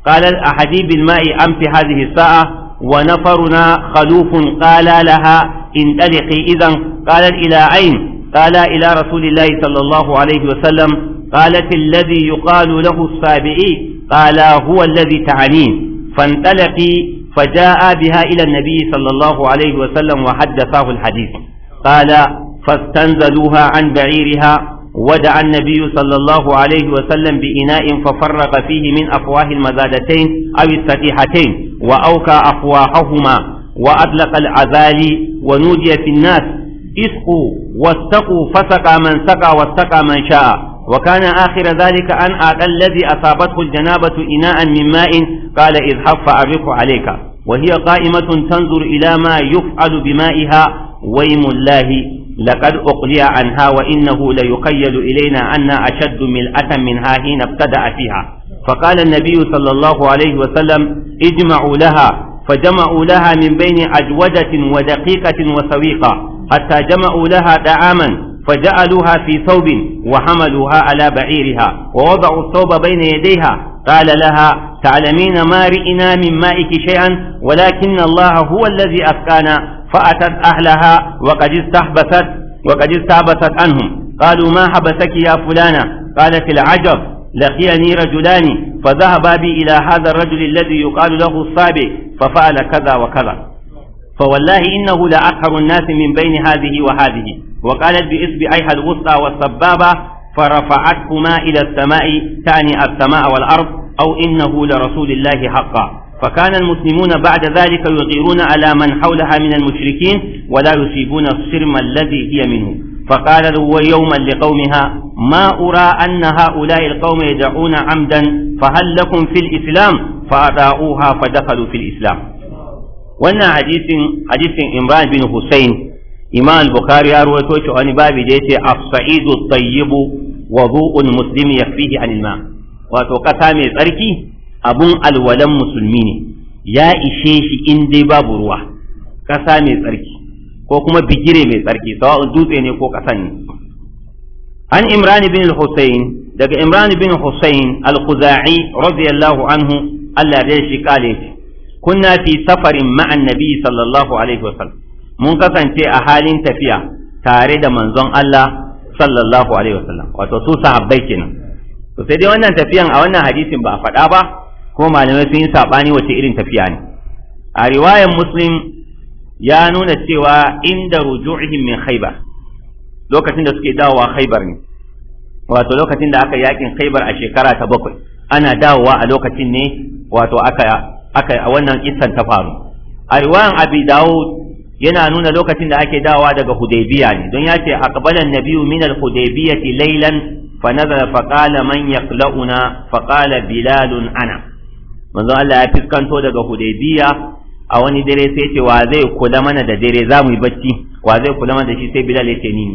قال أحدي بالماء أم في هذه الساعة ونفرنا خلوف قال لها انطلقي إذا قالت إلى أين قال إلى رسول الله صلى الله عليه وسلم قالت الذي يقال له السابعي قال هو الذي تعنين فانطلقي فجاء بها إلى النبي صلى الله عليه وسلم وحدثاه الحديث قال فاستنزلوها عن بعيرها ودعا النبي صلى الله عليه وسلم بإناء ففرق فيه من أفواه المزادتين أو السفيحتين وأوكى أفواههما وأطلق العذال ونودي في الناس اسقوا واستقوا فسقى من سقى واستقى من شاء وكان آخر ذلك أن أعطى الذي أصابته الجنابة إناء من ماء قال إذ حف أرق عليك وهي قائمة تنظر إلى ما يفعل بمائها ويم الله لقد أقلي عنها وإنه ليخيل إلينا أن أشد ملأة منها حين ابتدأ فيها فقال النبي صلى الله عليه وسلم اجمعوا لها فجمعوا لها من بين أجودة ودقيقة وسويقة حتى جمعوا لها دعاما فجعلوها في ثوب وحملوها على بعيرها ووضعوا الثوب بين يديها قال لها تعلمين ما رئنا من مائك شيئا ولكن الله هو الذي أفكانا فأتت أهلها وقد استحبست وقد استحبست عنهم قالوا ما حبسك يا فلانة قالت العجب لقيني رجلان فذهبا بي إلى هذا الرجل الذي يقال له الصابئ ففعل كذا وكذا فوالله إنه لأقهر الناس من بين هذه وهذه وقالت بإصبعيها الوسطى والسبابة فرفعتهما إلى السماء تعني السماء والأرض أو إنه لرسول الله حقا فكان المسلمون بعد ذلك يغيرون على من حولها من المشركين ولا يصيبون الصرم الذي هي منه فقال هو يوما لقومها ما أرى أن هؤلاء القوم يدعون عمدا فهل لكم في الإسلام فأضاؤوها فدخلوا في الإسلام wannan hadisin hadisin Imran bin Hussein Imam Bukhari ya rawaito shi wani babi da yace as-sa'idu tayyibu wudu'ul muslimi yakfihi anil ma wato kasa mai tsarki abun alwalan musulmi ne ya ishe shi in dai babu ruwa kasa mai tsarki ko kuma bigire mai tsarki sawa'un dutse ne ko kasan ne an Imran bin Hussein daga Imran bin Hussein al-Khuzai radiyallahu anhu Allah ya shi kale kunna fi safarin ma'an sallallahu alaihi wasallam mun kasance a halin tafiya tare da manzon Allah sallallahu alaihi wasallam wato su sahabbai kenan to dai wannan tafiyan a wannan hadisin ba a faɗa ba ko malamai sun yi sabani wace irin tafiya ne a riwayan muslim ya nuna cewa inda ruju'ihim min khaybar lokacin da suke dawowa khaybar ne wato lokacin da aka yakin khaibar a shekara ta bakwai ana dawowa a lokacin ne wato aka aka a wannan kissan ta faru a riwayan abi dawud yana nuna lokacin da ake dawowa daga hudaybiya ne don ya ce a an-nabiyyu min al-hudaybiyati laylan fa nazala fa qala man yaqlauna fa qala bilalun ana manzo Allah ya fiskanto daga hudaybiya a wani dare sai ce wa zai kula mana da dare za mu yi bacci wa zai kula mana da shi sai bilal ya ce ni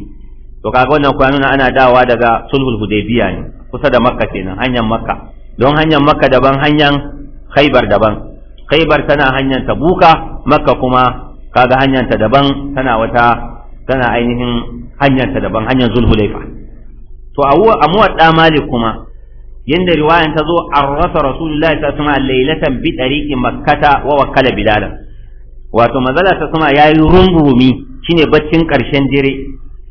to kaga wannan kuwa nuna ana dawa daga sulhul hudaybiya ne kusa da makka kenan hanyar makka don hanyar makka daban hanyar khaibar daban Kaibar tana hanyar buka, makka kuma kaga hanyar ta daban tana wata tana ainihin hanyar ta daban hanyar zulhulaifa to a muwadda malik kuma yanda riwayan ta zo rasa rasulullahi ta sama lailatan bi tariqi makkata wa wakkala bilalan wato mazala ta ya yayi rumrumi shine baccin karshen dare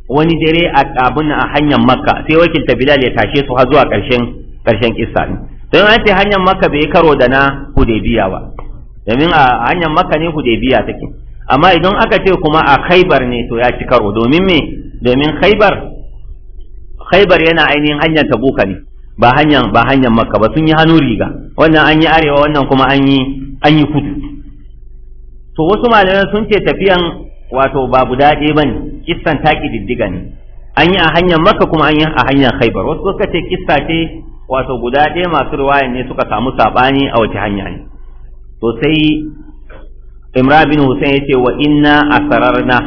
wani dare a abun a hanyar makka sai wakilta bilal ya tashe su har zuwa karshen karshen kissa don an ce hanyar maka bai karo da na hudebiya ba domin a hanyar maka ne hudebiya take amma idan aka ce kuma a khaibar ne to ya ci karo domin me domin khaibar khaibar yana ainihin hanyar tabuka ne ba hanyar ba hanyar makka ba sun yi hannu riga wannan an yi arewa wannan kuma an yi an yi kudu to wasu malamai sun ce tafiyan wato ba guda ɗaya bane kissan taki diddiga ne an yi a hanyar makka kuma an yi a hanyar khaibar wasu suka ce kissa ce wato guda ɗaya masu ruwayan ne suka samu saɓani a wace hanya ne to sai imra bin hussein ya ce wa inna asararna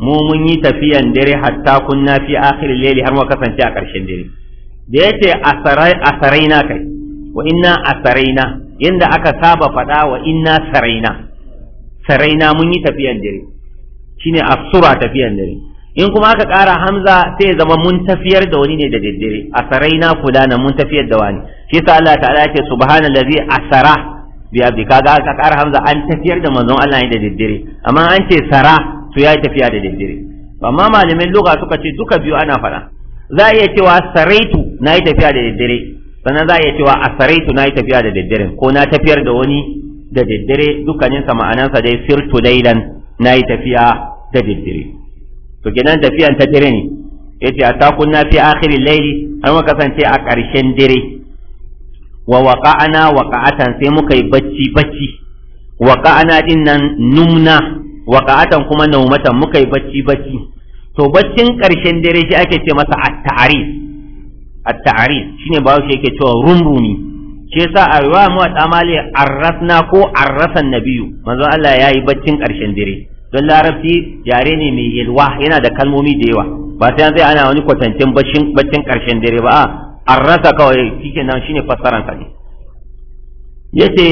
mu mun yi tafiyan dare hatta kunna fi akhir layli har muka kasance a ƙarshen dare da ya ce asaraina kai wa inna asaraina yanda aka saba faɗa wa inna saraina saraina mun yi tafiyan dare shine asura tafiyan dare in kuma aka ƙara hamza sai zama mun tafiyar da wani ne da daddare asaraina fulana mun tafiyar da wani shi sa Allah ta'ala ya ce subhanallazi asara bi abdi kaga aka ƙara hamza an tafiyar da manzon Allah ne da daddare amma an ce sara to ya tafiya da daddare amma malamin lugha suka ce duka biyu ana faɗa za a iya cewa saraitu na yi tafiya da daddare sannan za a iya cewa asaraitu na yi tafiya da daddare ko na tafiyar da wani da daddare dukkaninsa ma'anansa dai sirtu lailan na yi tafiya da daddare to kenan tafiyan ta dare ne yace hatta kunna fi akhiril layli an muka kasance a ƙarshen dire. wa waqa'ana waqa'atan sai muka yi bacci bacci waqa'ana din nan numna waqa'atan kuma naumatan muka yi bacci bacci to baccin ƙarshen dare shi ake ce masa at tarif at tarif shine ba shi yake cewa rumrumi shi yasa a riwaya mu a arrasna ko arrasan nabiyu manzo Allah yayi baccin ƙarshen dare don larabci yare ne mai yalwa yana da kalmomi da yawa ba sai an zai ana wani kwatancin baccin karshen dare ba a an rasa kawai shike nan shine fassaran sa ne yace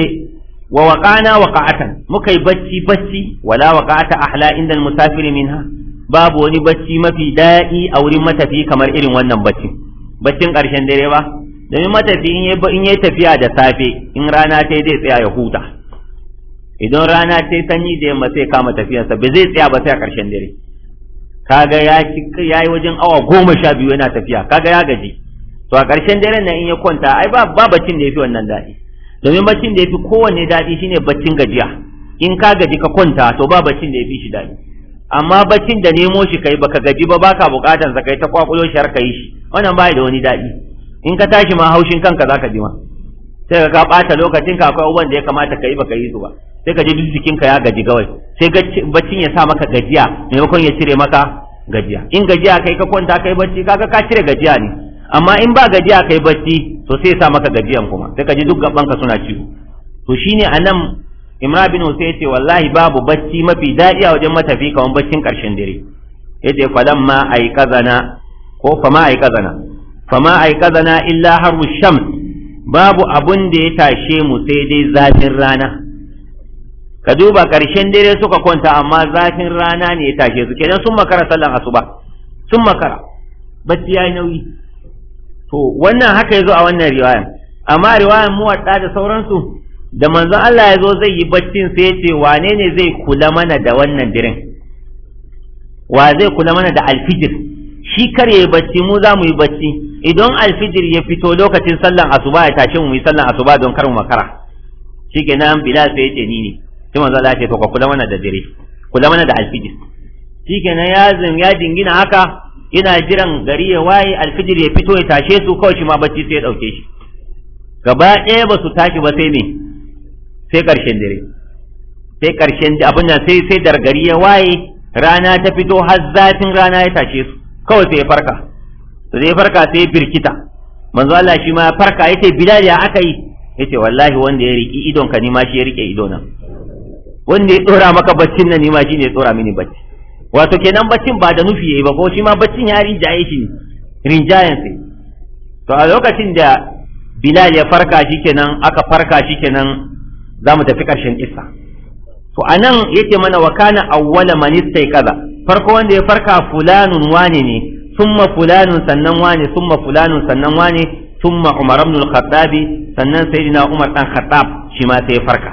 wa waqana waqa'atan muka yi bacci bacci wala waqa'ata ahla inda musafiri minha babu wani bacci mafi daɗi a wurin matafi kamar irin wannan bacci baccin ƙarshen dare ba domin matafi in yi tafiya da safe in rana ta zai tsaya ya huta idan rana ta sanyi da yamma sai kama tafiyarsa ba zai tsaya ba sai a ƙarshen dare kaga ya ya yi wajen awa goma sha biyu yana tafiya kaga ya gaji to a ƙarshen dare nan in ya kwanta ai ba ba baccin da yafi wannan daɗi domin baccin da yafi kowanne daɗi shine baccin gajiya in ka gaji ka kwanta to ba baccin da yafi shi daɗi amma baccin da nemo shi kai baka gaji ba baka bukatan sa kai ta kwakulo shi har ka yi shi wannan ba da wani daɗi in ka tashi ma haushin kanka zaka ji ma sai ka ɓata lokacin ka akwai abubuwan da ya kamata ka yi baka yi su ba sai ka ji duk jikinka ya gaji kawai sai baccin ya sa maka gajiya maimakon ya cire maka gajiya in gajiya kai ka kwanta kai bacci kaga ka cire gajiya ne amma in ba gajiya kai bacci to sai ya sa maka gajiyan kuma sai ka ji duk gaban ka suna ciwo to shine anan Imran bin Husay yace wallahi babu bacci mafi daɗi a wajen matafi kawan baccin karshen dare yace falamma aikazana ko fama aikazana fama aikazana illa harru shams babu abun da ya tashe mu sai dai zafin rana ka duba ƙarshen dare suka kwanta amma zafin rana ne ya tashe su kenan sun makara sallan asuba sun makara bacci ya nauyi to wannan haka yazo a wannan riwaya amma riwayan wadda da sauransu da manzon Allah ya zo zai yi baccin sai ya ce wane ne zai kula mana da wannan diren wa zai kula mana da alfijir shi kar ya bacci mu za mu yi bacci idan alfijir ya fito lokacin sallan asuba ya tashi mu yi sallan asuba don kar mu makara nan bilal sai yace ni ne shi manzo Allah ce to ka kula mana da dare kula mana da alfijir shikenan ya zin ya dingina haka ina jiran gari ya waye alfijir ya fito ya tashe su kawai shi ma bacci sai ya dauke shi gaba ɗaya ba su tashi ba sai ne sai karshen dare sai karshen abin nan sai sai dargari ya waye rana ta fito har zafin rana ya tashe su kawai sai ya farka to sai ya farka sai ya birkita manzo Allah shi ma ya farka yace bilal ya aka yi yace wallahi wanda ya riki idon ka ni ma shi ya rike ido nan, wanda ya dora maka baccin nan ni ma shi ne ya dora mini bacci wato kenan baccin ba da nufi yayi ba ko shi ma baccin ya rinjaye shi rinjayen sai to a lokacin da bilal ya farka shi kenan aka farka shi kenan za mu tafi ƙarshen isa to anan yake mana wa kana awwala man kaza farko wanda ya farka fulanun wane ne summa fulanun sannan wane summa fulanun sannan wane summa umar ibn al-khattab sannan sayyidina umar dan khattab shi ma sai ya farka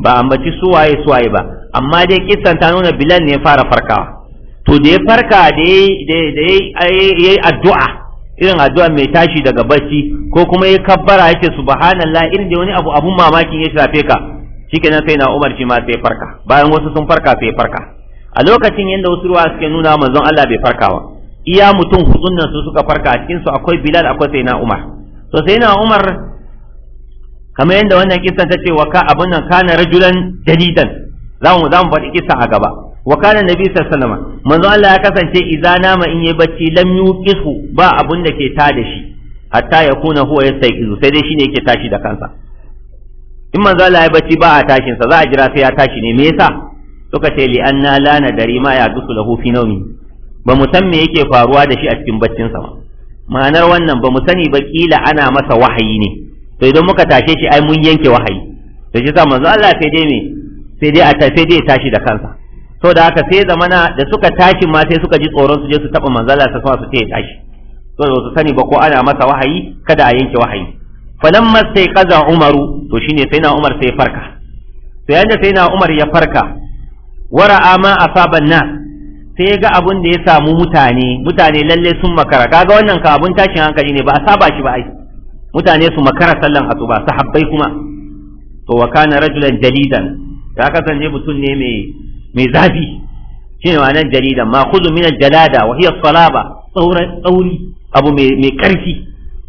ba ambaci suwaye suwaye ba amma dai kissan ta nuna bilal ne ya fara farkawa to da ya farka da yi addu'a irin addu'a mai tashi daga barci ko kuma ya kabbara yake subhanallah irin da wani abu abun mamakin ya shafe ka shikenan sai na Umar shi ma sai farka bayan wasu sun farka sai farka a lokacin yadda wasu ruwa suke nuna manzon Allah bai farka ba iya mutum hudun nan su suka farka a cikin akwai Bilal akwai na Umar to na Umar kamar yadda wannan kisa ta ce wa ka abun nan kana rajulan jadidan za mu za mu faɗi kisa a gaba wa kana nabi sallallahu alaihi manzo Allah ya kasance idza nama in yi bacci lam yuqisu ba abun da ke ta da shi hatta kuna huwa yastayqizu sai dai shine yake tashi da kansa in manzo Allah ya bacci ba a tashin za a jira sai ya tashi ne me yasa suka ce li anna la nadari ma ya dusu lahu fi nawmi ba mu san me yake faruwa da shi a cikin baccin sa ma'anar wannan ba mu sani ba kila ana masa wahayi ne to idan muka tashe shi ai mun yanke wahayi to shi sa manzo Allah sai dai me sai dai a sai dai tashi da kansa to da haka sai zamana da suka tashi ma sai suka ji tsoron su je su taba manzo Allah sai su ce tashi to da su sani ba ko ana masa wahayi kada a yanke wahayi falamma sai kaza umaru to shine sai na umar sai farka sai yanda sai na umar ya farka wara ma asaban nas sai ga abun da ya samu mutane mutane lalle sun makara kaga wannan ka abun tashin hankali ne ba a saba shi ba ai mutane su makara sallan asuba sahabbai kuma to wa kana rajulan jalidan ya kasance mutum ne mai mai zafi shine wannan jalidan ma khudhu min jalada wa hiya salaba tsauri abu mai karfi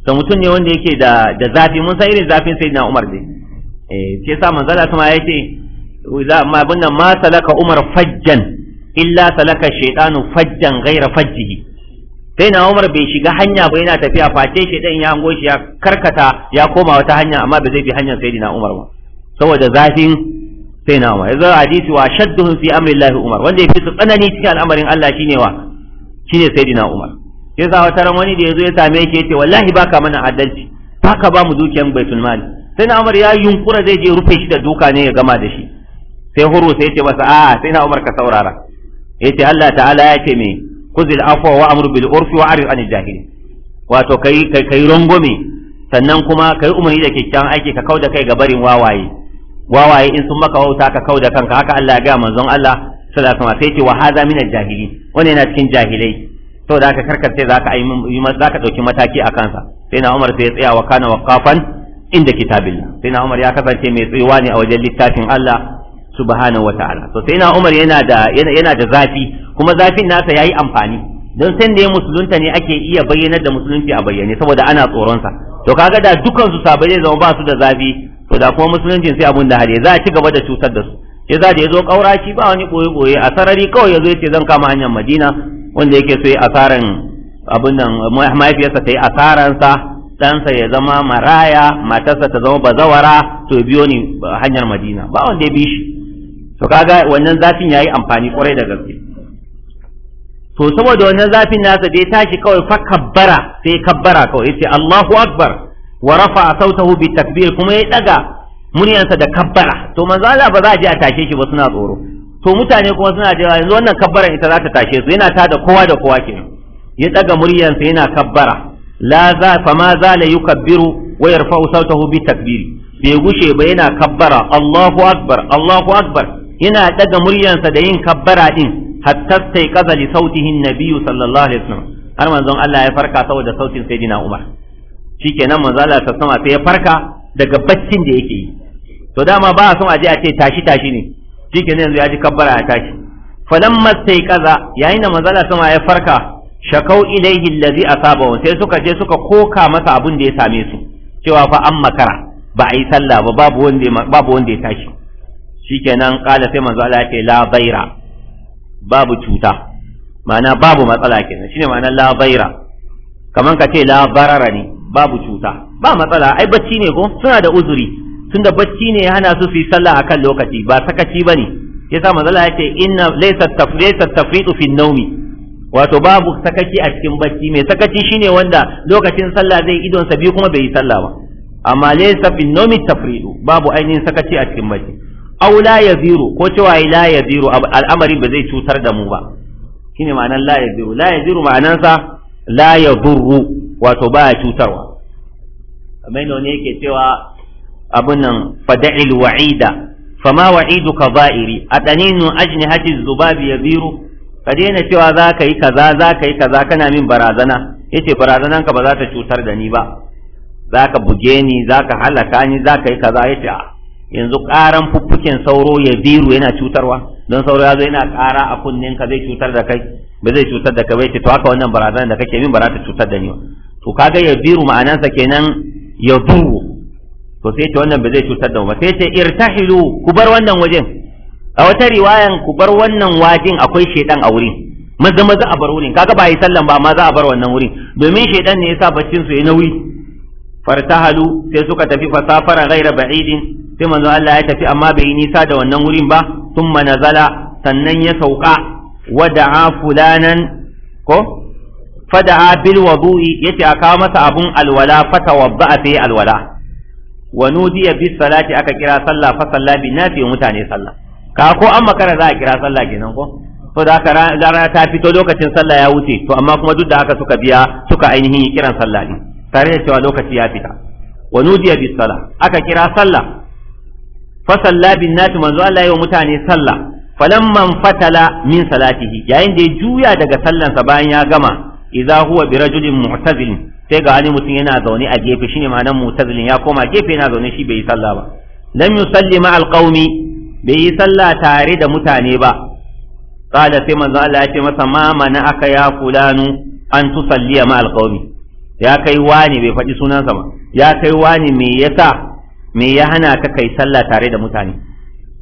to mutum ne wanda yake da da zafi mun san irin zafin sayyidina Umar dai eh sai sa manzala kuma yake Za ma bunna ma salaka umar fajjan illa salaka shaytanu fajjan ghaira fajjihi sai na umar bai shiga hanya ba yana tafiya face shaytan ya hango shi ya karkata ya koma wata hanya amma bai zai bi hanyar sayyidina umar ba saboda zafin sai na umar yanzu hadisi wa shadduhum fi amri llahi umar wanda yafi su tsanani cikin al'amarin Allah shine wa shine sayyidina umar sai sa wata ran wani da yazo ya same shi yace wallahi baka mana adalci baka ba mu dukiyar baitul mali sai na umar ya yunkura zai je rufe shi da duka ne ya gama da shi sai huru sai yace masa a sai na Umar ka saurara yace Allah ta'ala ce me kuzil afwa wa amru bil urfi wa arid anil jahil wato kai kai kai sannan kuma kai umarni da kyakkyawan aiki ka kauda kai ga barin wawaye wawaye in sun maka wauta ka kauda kanka haka Allah ya ga manzon Allah sallallahu alaihi wasallam sai yace wa hadha min al jahili wannan yana cikin jahilai to da ka karkace zaka ayi zaka dauki mataki a kansa sai na Umar sai ya tsaya wa kana waqafan inda kitabillah sai na Umar ya kasance mai tsiwani ne a wajen littafin Allah subhanahu wataala to sai na Umar yana da yana da zafi kuma zafin nasa yayi amfani don sanda da musulunta ne ake iya bayyanar da musulunci a bayyane saboda ana tsoron sa to kaga da dukan su sabai zama ba su da zafi to da kuma musuluncin sai abun da hare za a ci gaba da cutar da su sai za da yazo kaura shi ba wani boye boye a sarari kawai yazo yace zan kama hanyar Madina wanda yake so ya asaran abun nan mahaifiyarsa ta yi asararsa ɗansa ya zama maraya matarsa ta zama bazawara to biyo ni hanyar madina ba wanda ya bi shi to kaga wannan zafin yayi amfani kwarai da gaske to saboda wannan zafin nasa da tashi kawai fa kabbara sai kabbara kawai yace Allahu akbar wa rafa sautahu bi takbir kuma ya daga muryansa da kabbara to manzo Allah ba za a je a tashe shi ba suna tsoro to mutane kuma suna cewa yanzu wannan kabbaran ita za ta tashe su yana ta da kowa da kowa kenan ya daga muryansa yana kabbara la za fa ma za la yukabbiru wa yarfa sautahu bi takbiri bai gushe ba yana kabbara Allahu akbar Allahu akbar yana daga muryansa da yin kabbara din hatta sai kaza li sautihin nabiyyu sallallahu alaihi wasallam har manzon Allah ya farka saboda sautin sayyidina Umar shikenan manzon Allah ta sama sai ya farka daga baccin da yake yi to dama ba a son a je a ce tashi tashi ne shikenan yanzu ya ji kabbara ya tashi falamma sai kaza yayin da manzon Allah sama ya farka shakau ilaihi allazi wa. sai suka je suka koka masa abun da ya same su cewa fa an makara ba a yi sallah ba babu wanda babu wanda ya tashi shikenan qala sai manzo Allah ya ce la baira babu cuta ma'ana babu matsala kenan shine ma'ana la baira kaman ka ce la barara ne babu cuta ba matsala ai bacci ne ko suna da uzuri tunda bacci ne hana su fi sallah akan lokaci ba sakaci bane yasa manzo Allah yake inna laysa tafrita tafritu fi naumi wato babu sakaci a cikin bacci mai sakaci shine wanda lokacin sallah zai idon sa biyu kuma bai yi sallah ba amma laysa fi naumi tafridu babu ainihin sakaci a cikin bacci aw la yaziru ko cewa la yaziru al'amarin ba zai cutar da mu ba shine ma'anar la yaziru la yaziru ma'anarsa la yadurru wato ba ya cutarwa kamar ne yake cewa abun nan fada'il wa'ida فما وعيدك ضائري أتنين أجنحة الذباب يبير فدينا cewa za ka yi kaza za ka yi kaza kana min barazana yace barazanan ka ba za ta cutar da ni ba za ka buge ni za ka halaka ni za ka yi kaza yace yanzu ƙaran fuffuken sauro ya biru yana cutarwa don sauro ya zo yana ƙara a kunnen ka zai cutar da kai ba zai cutar da kai bai to haka wannan barazanar da kake min ba za ta cutar da ni ba to kaga ya biru ma'anansa kenan ya duru to sai ta wannan ba zai cutar da mu ba sai ta irtahilu ku bar wannan wajen a wata riwayan ku bar wannan wajen akwai shedan a wurin maza maza a bar wurin kaga ba yi sallan ba amma za a bar wannan wurin domin shedan ne yasa baccin su ya nauyi fartahalu sai suka tafi fasafara ghaira ba'idin sai manzo Allah ya tafi amma bai yi nisa da wannan wurin ba thumma nazala sannan ya sauka wada'a fulanan ko fada'a bil wudu'i yace a kawo masa abun alwala Fata, fatawadda'a fi alwala wa nudiya bis salati aka kira sallah fa salla bi nafi mutane sallah ka ko an makara za a kira sallah kenan ko to da haka rana ta fito lokacin sallah ya wuce to amma kuma duk da haka suka biya suka ainihin kiran sallah ne tare da cewa lokaci ya fita wa nudiya bis sala aka kira sallah fasalla bin nasi manzo Allah wa mutane sallah falamman fatala min salatihi yayin da ya juya daga sallansa bayan ya gama idza huwa bi rajulin mu'tazilin sai ga wani mutum yana zaune a gefe shine ma'anar mu'tazilin ya koma gefe yana zaune shi bai yi sallah ba lam yusalli ma alqaumi bai yi sallah tare da mutane ba qala sai manzo Allah ya ce masa ma mana aka ya fulanu an tusalliya ma alqaumi ya kai wani bai faɗi sunansa ba ya kai wani me yasa me ya hana ka kai sallah tare da mutane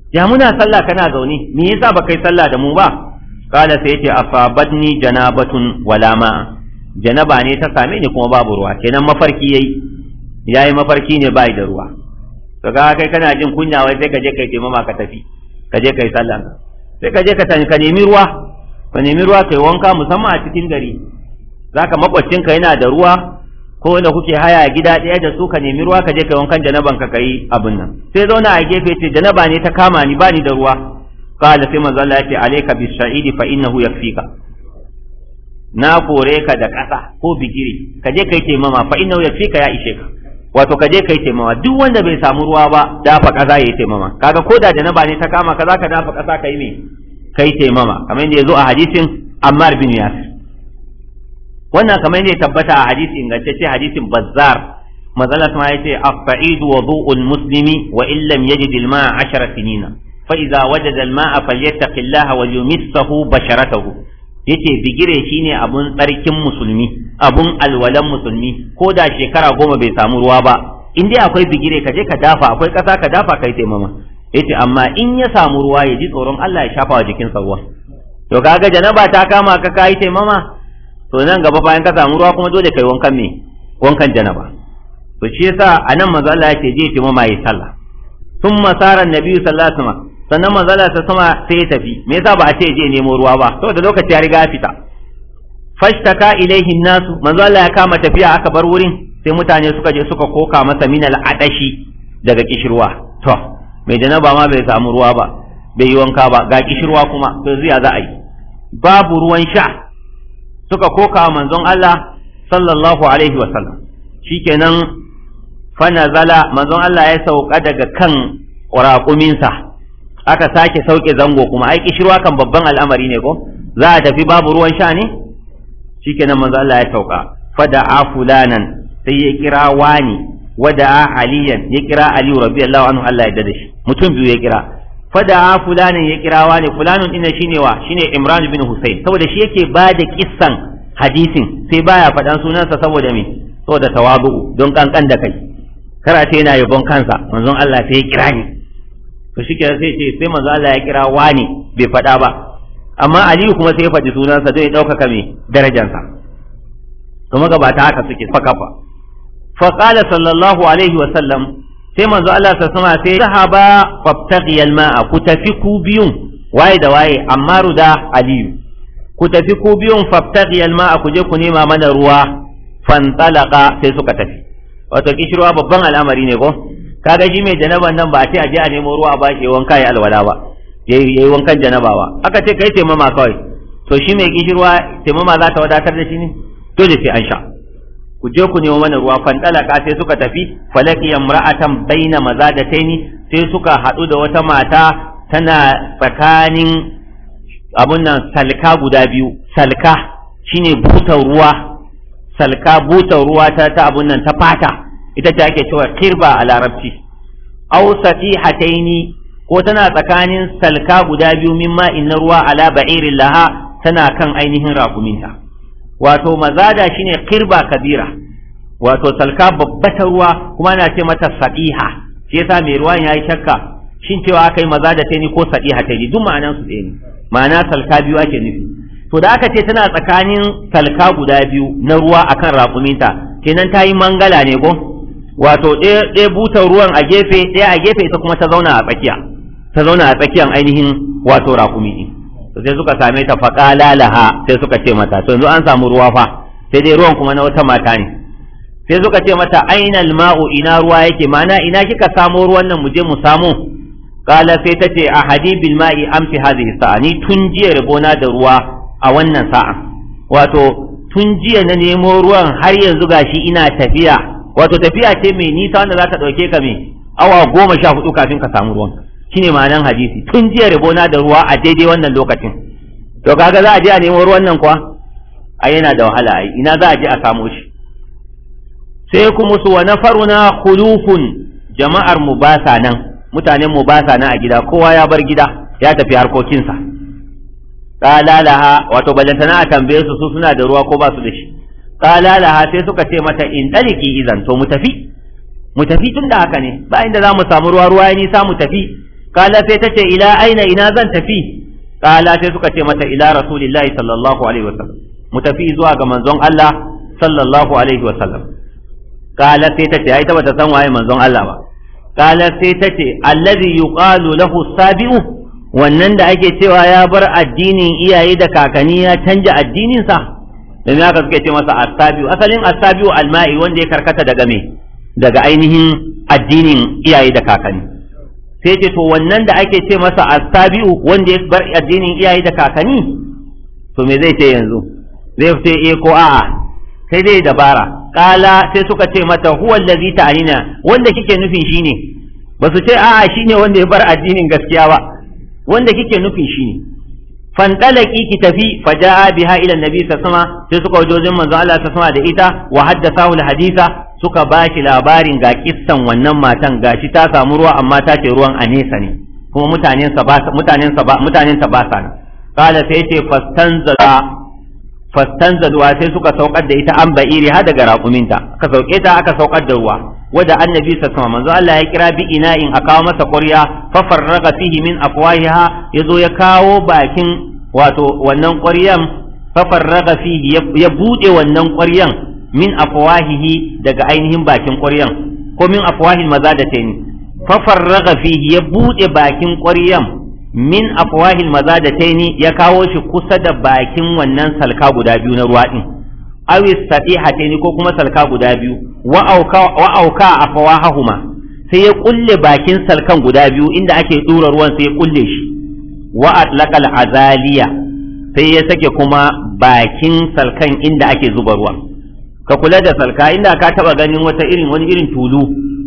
ya muna sallah kana zaune me yasa ba kai sallah da mu ba kala sai yace badni janabatun wala ma janaba ne ta same ni kuma babu ruwa kenan mafarki yayi yayi mafarki ne bai da ruwa to ga kai kana jin kunya wai sai ka je kai taimama ka tafi ka je kai sallah sai ka je ka ka nemi ruwa ka nemi ruwa kai wanka musamman a cikin gari zaka makwacin ka yana da ruwa ko wanda kuke haya gida ɗaya da su ka nemi ruwa ka je ka wankan janaban ka kai abin nan sai zauna a gefe ce janaba ne ta kama ni bani da ruwa qala sai manzo Allah yace alayka bisaidi fa innahu yakfika na kore ka da ƙasa ko bigiri ka je kai taimama fa innahu yakfika ya ishe ka wato ka je kai taimama duk wanda bai samu ruwa ba dafa ƙasa yayi taimama kaga ko da janaba ne ta kama ka ka dafa ƙasa kai me kai taimama kamar yadda yazo a hadisin Ammar bin Yasir wannan kamar ne tabbata a hadisi ingantacce hadisin bazzar mazala kuma ya ce afaidu wudu'ul muslimi wa illam lam yajid al-ma'a 10 sinina fa idza wajada al-ma'a falyattaqillaha wa yumissahu basharatahu yace bigire shine abun tsarkin musulmi abun alwalan musulmi ko da shekara goma bai samu ruwa ba in dai akwai bigire ka je ka dafa akwai ƙasa ka dafa kai taimama ce amma in ya samu ruwa ya ji tsoron Allah ya shafa wa jikinsa ruwa to kaga janaba ta kama ka kai taimama to nan gaba bayan ka samu ruwa kuma dole kai wankan me wankan janaba to shi yasa anan manzo Allah yake je ki mai sallah thumma sara nabi sallallahu alaihi wasallam sannan manzo Allah ta sama sai ya tafi me yasa ba a ce je nemo ruwa ba saboda lokaci ya riga ya fita fashtaka ilaihi nasu manzo Allah ya kama tafiya aka bar wurin sai mutane suka je suka koka masa minal adashi daga kishirwa to mai janaba ma bai samu ruwa ba bai yi wanka ba ga kishirwa kuma to ziya za a yi babu ruwan sha suka koka manzon Allah sallallahu alaihi wasallam shikenan zala, manzon Allah ya sauka daga kan raƙuminsa aka sake sauke zango kuma ai kishirwa kan babban al'amari ne ko za a tafi babu ruwan sha ne shikenan manzon Allah ya sauka fada'a fulanan sai ya kira wani wada aliyan ya kira aliyu radiyallahu anhu Allah ya dade shi mutum biyu ya kira fada fulanin ya kirawa ne fulanin ina shine wa shine Imran bin Hussein saboda shi yake ba da kissan hadisin sai baya fadan sunansa saboda me saboda tawabu don kankan da kai kara yana yabon kansa manzon Allah sai ya kira ni to shi sai ce sai manzon Allah ya kira wani bai fada ba amma Aliyu kuma sai ya faɗi sunansa don ya ɗaukaka me darajansa to magabata haka suke fakafa fa qala sallallahu alaihi wa sallam sai manzo Allah ta sama sai zahaba fabtaghi alma'a ku tafi ku biyun waye da waye amma ruda Aliyu ku tafi ku biyun fabtaghi alma'a ku je ku nema mana ruwa fantalaqa sai suka tafi wato kishruwa babban al'amari ne ko kaga shi mai janaban nan ba a ce a je a nemo ruwa ba shi wanka ya alwala ba yayi wankan janaba ba aka ce kai taimama kawai to shi mai kishirwa taimama za ta wadatar da shi ne dole sai an sha ku je ku nemo mana ruwa fandalaka sai suka tafi falaki imra'atan baina mazadataini sai suka hadu da wata mata tana tsakanin abun nan salka guda biyu salka shine butar ruwa salka butar ruwa ta ta abun nan ta fata ita ta ake cewa kirba a larabci aw safihataini ko tana tsakanin salka guda biyu mimma inna ruwa ala ba'irin laha tana kan ainihin rakuminta wato mazada shine qirba kabira wato salka babbata ruwa kuma ana ce mata sadiha, shi yasa mai ruwan yayi shakka shin cewa akai mazada ta ni ko sadiha ta ni duk ma'anan su ne ma'ana salka biyu ake nufi to da aka ce tana tsakanin salka guda biyu na ruwa akan rakuminta kenan ta yi mangala ne ko wato ɗaya butar ruwan a gefe ɗaya a gefe ita kuma ta zauna a tsakiya ta zauna a tsakiyan ainihin wato raƙumi sai suka same ta faqala laha sai suka ce mata to yanzu an samu ruwa fa sai dai ruwan kuma na wata mata ne sai suka ce mata aina alma'u ina ruwa yake mana ina kika samo ruwan nan mu je mu samu qala sai ta ce a hadibil ma'i an fi hadhihi sa'a ni tun jiya rabona da ruwa a wannan sa'a wato tun jiya na nemo ruwan har yanzu gashi ina tafiya wato tafiya ce mai nisa wanda za ta ɗauke ka mai awa goma sha hudu kafin ka samu ruwan shine ma'anan hadisi tun jiya na da ruwa a daidai wannan lokacin to kaga za a je a nemo ruwan nan kuwa a yana da wahala ai ina za a je a samo shi sai kuma su wa nafaruna khulufun jama'ar mu ba sa nan mutanen mu ba nan a gida kowa ya bar gida ya tafi harkokinsa qalalaha wato balantana a tambaye su su suna da ruwa ko ba su da shi qalalaha sai suka ce mata in daliki idan to mu tafi mu tafi tun da haka ne ba inda za mu samu ruwa ruwa ya nisa mu tafi kala sai ce ila aina ina zan tafi kala sai suka ce mata ila rasulillahi sallallahu alaihi wasallam mu tafi zuwa ga manzon Allah sallallahu alaihi wasallam kala sai tace ai ta bata san waye manzon Allah ba kala sai ce, allazi yuqalu lahu sabiu wannan da ake cewa ya bar addinin iyaye da kakanni ya canja addininsa domin aka suke ce masa asabiu asalin asabiu alma'i wanda ya karkata daga me daga ainihin addinin iyaye da kakanni sai ce to wannan da ake ce masa asabi'u wanda ya bar addinin iyaye da kakanni to me zai ce yanzu zai ce eh ko a'a sai dai dabara kala sai suka ce mata huwa allazi ta'alina wanda kike nufin shine ba su ce a'a shine wanda ya bar addinin gaskiya ba wanda kike nufin shine fantalaki ki tafi faja'a biha ila annabi sallallahu alaihi wasallam sai suka wajen manzo Allah sallallahu alaihi wasallam da ita wa haddathahu alhaditha suka ba shi labarin ga kissan wannan matan gashi ta samu ruwa amma ta ce ruwan a nesa ne kuma mutanen sa ba mutanen sa ba mutanen ba sa kala sai ce fastanzala fastanzalwa sai suka saukar da ita an ba'iri har daga raƙuminta aka sauke ta aka saukar da ruwa wanda annabi sa alaihi manzo Allah ya kira bi ina in kawo masa ƙurya fa farraga fihi min afwahiha yazo ya kawo bakin wato wannan ƙuryan fa farraga fihi ya bude wannan ƙuryan min afwahihi daga ainihin bakin ƙwaryan ko min afwahin maza da taini fafarraga fihi ya buɗe bakin ƙwaryan min afwahin maza da taini ya kawo shi kusa da bakin wannan salka guda biyu na ruwa din aw istatihatayni ko kuma salka guda biyu wa auka wa afwahahuma sai ya kulle bakin salkan guda biyu inda ake dura ruwan sai ya kulle shi wa atlaqal azaliya sai ya sake kuma bakin salkan inda ake zuba ruwan ka kula da salka inda ka taba ganin wata irin wani irin tulu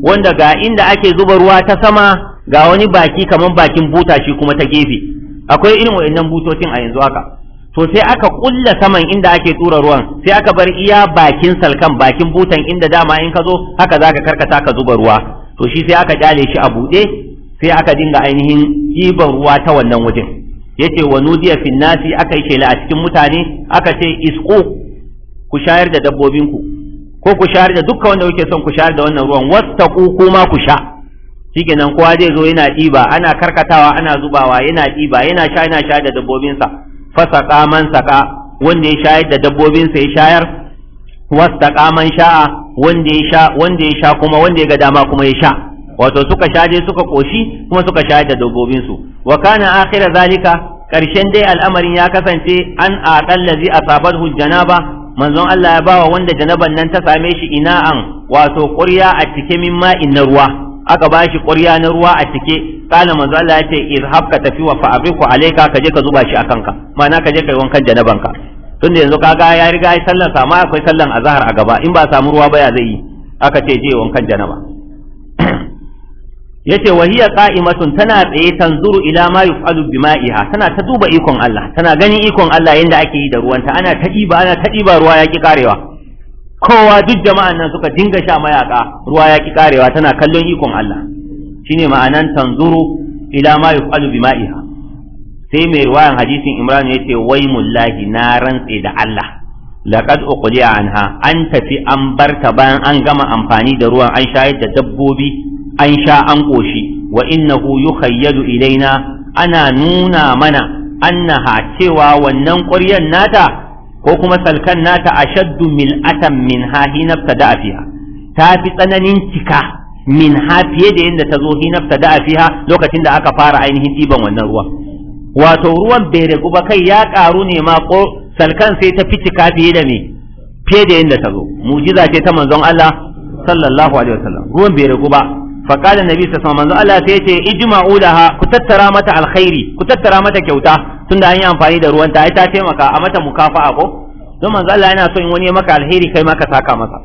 wanda ga inda ake zuba ruwa ta sama ga wani baki kamar bakin buta shi kuma ta gefe akwai irin wayannan butocin a yanzu haka to sai aka kulla saman inda ake tura ruwan sai aka bar iya bakin salkan bakin butan inda dama in ka zo haka zaka karkata ka zuba ruwa to shi sai aka kyale shi a buɗe sai aka dinga ainihin ɗiban ruwa ta wannan wajen yace wa nudiya fi nasi aka yi shela a cikin mutane aka ce isku? ku shayar da dabbobinku ko ku shayar da dukkan wanda kuke son ku shayar da wannan ruwan wattaqu kuma ku sha nan kowa zai zo yana ɗiba ana karkatawa ana zubawa yana ɗiba yana sha yana shayar da dabbobinsa fasaka man saka wanda ya shayar da dabbobinsa ya shayar wastaqa man sha'a wanda ya sha wanda ya sha kuma wanda ya ga dama kuma ya sha wato suka sha dai suka koshi kuma suka shayar da dabbobinsu wa kana akhira zalika karshen dai al'amarin ya kasance an a aqallazi hujjana janaba manzon Allah ya bawa wanda janaban nan ta same shi ina'an wato ƙurya a cike min ma'in na ruwa aka ba shi ƙurya na ruwa a cike kana manzon Allah ya ce ka tafi wa fa'abiku alayka ka ka zuba shi akan ka ma'ana kaje kai wankan janaban ka tunda yanzu kaga ya riga ya sallan sa ma akwai sallan azhar a gaba in ba samu ruwa ba ya zai yi aka ce je wankan janaba yace wahiya qa'imatun tana tsaye tanzuru ila ma yuf'alu bima'iha tana ta duba ikon Allah tana ganin ikon Allah yanda ake yi da ruwanta ana ta diba ana ta diba ruwa ya karewa kowa duk jama'an nan suka dinga sha mayaka ruwa ya karewa tana kallon ikon Allah shine ma'anan tanzuru ila ma yuf'alu bima'iha sai mai riwayan hadisin Imran yace wai mullahi na rantse da Allah laqad uqliya anha an tafi an barta bayan an gama amfani da ruwan an shayar da dabbobi an sha an ƙoshi wa innahu yukhayyadu ilaina ana nuna mana annaha cewa wannan ƙwaryan nata ko kuma salkan nata ashaddu mil'atan min ha hinafta da fiha ta fi tsananin cika min ha fiye da yadda ta zo hinafta da fiha lokacin da aka fara ainihin ɗiban wannan ruwa wato ruwan bai ragu ba kai ya ƙaru ne ma ko salkan sai ta fi cika fiye da me fiye da yadda ta zo mujiza ce ta manzon Allah sallallahu alaihi wasallam ruwan bai ragu ba fa qala nabi sallallahu alaihi Allah sai ce ijma'u laha ku tattara mata alkhairi ku tattara mata kyauta tunda an yi amfani da ruwan ta ai ta taimaka a mata mukafa'a ko don manzo Allah yana son wani ya maka alheri kai ma ka saka masa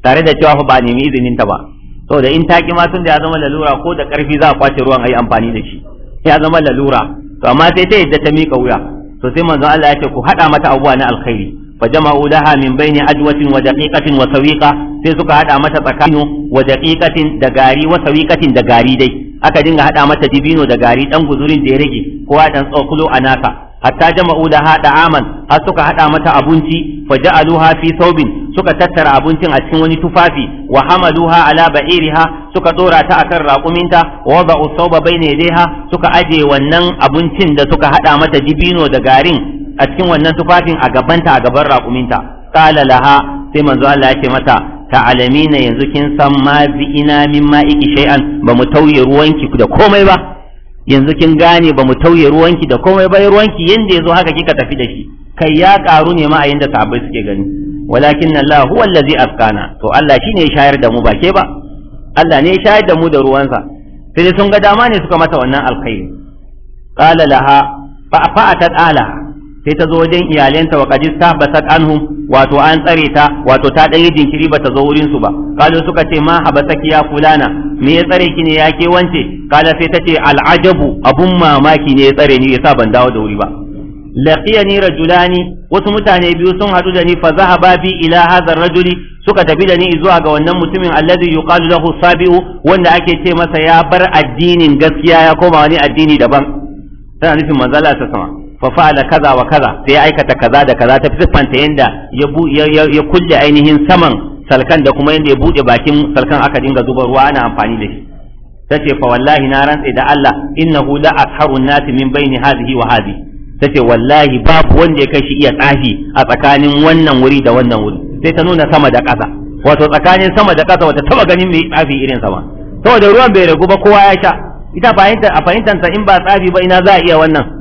tare da cewa fa ba nemi izinin ta ba saboda in ta ki ma tun da ya zama lalura ko da karfi za a kwace ruwan ayi amfani da shi ya zama lalura to amma sai ta yadda ta mika wuya to sai manzo Allah ya ce ku haɗa mata abubuwa na alkhairi fa jama'u laha min baini ajwatin wa daqiqatin wa sawiqa sai suka hada mata tsakanin wa daqiqatin da gari wa sawiqatin da gari dai aka dinga haɗa mata dibino da gari dan guzurin da ya rage kowa dan tsokulo a naka hatta jama'u da laha da'aman har suka haɗa mata abinci fa ja'aluha fi thawbin suka tattara abincin a cikin wani tufafi wa alaba ala ba'iriha suka dora ta akan raƙuminta wa wada'u sawba bayna ha suka aje wannan abincin da suka haɗa mata dibino da garin a cikin wannan tufafin a gabanta a gaban raƙuminta qala laha sai manzo Allah ya ce mata na yanzu kin san ma bi ina min iki shay'an ba mu tauye ruwanki da komai ba yanzu kin gane ba mu tauye ruwanki da komai ba ruwanki yanda yazo haka kika tafi da shi kai ya karu ne ma a yanda sahabbai suke gani walakin Allah huwa allazi afkana to Allah shine ya shayar da mu ba ke ba Allah ne ya shayar da mu da ruwansa sai sun ga dama ne suka mata wannan alkhairi qala laha fa fa'atat alaha sai ta zo wajen iyalenta wa ba basat anhum wato an tsare ta wato ta dan yi jinkiri ta zo wurin su ba kalu suka ce ma habasaki ya fulana me ya tsare ki ne ya ke wance kala sai ta ce al'ajabu abun mamaki ne ya tsare ni yasa ban dawo da wuri ba laqiyani rajulani wasu mutane biyu sun hadu da ni fa zahaba bi ila hadha rajuli suka tafi da ni zuwa ga wannan mutumin alladhi yuqalu lahu sabiu wanda ake ce masa ya bar addinin gaskiya ya koma wani addini daban tana nufin manzala ta sama fa fa'ala kaza wa kaza sai ya aikata kaza da kaza ta siffanta yadda ya kulle ainihin saman salkan da kuma yadda ya bude bakin salkan aka dinga zuba ruwa ana amfani da shi tace fa wallahi na rantse da Allah innahu la akharu nasi min baini hadhihi wa hadhihi tace wallahi babu wanda ya kai shi iya tsafi a tsakanin wannan wuri da wannan wuri sai ta nuna sama da ƙasa wato tsakanin sama da ƙasa wata taba ganin mai tsafi irin sama saboda ruwan bai ragu ba kowa ya sha ita a fahimtar ta in ba tsafi ba ina za a iya wannan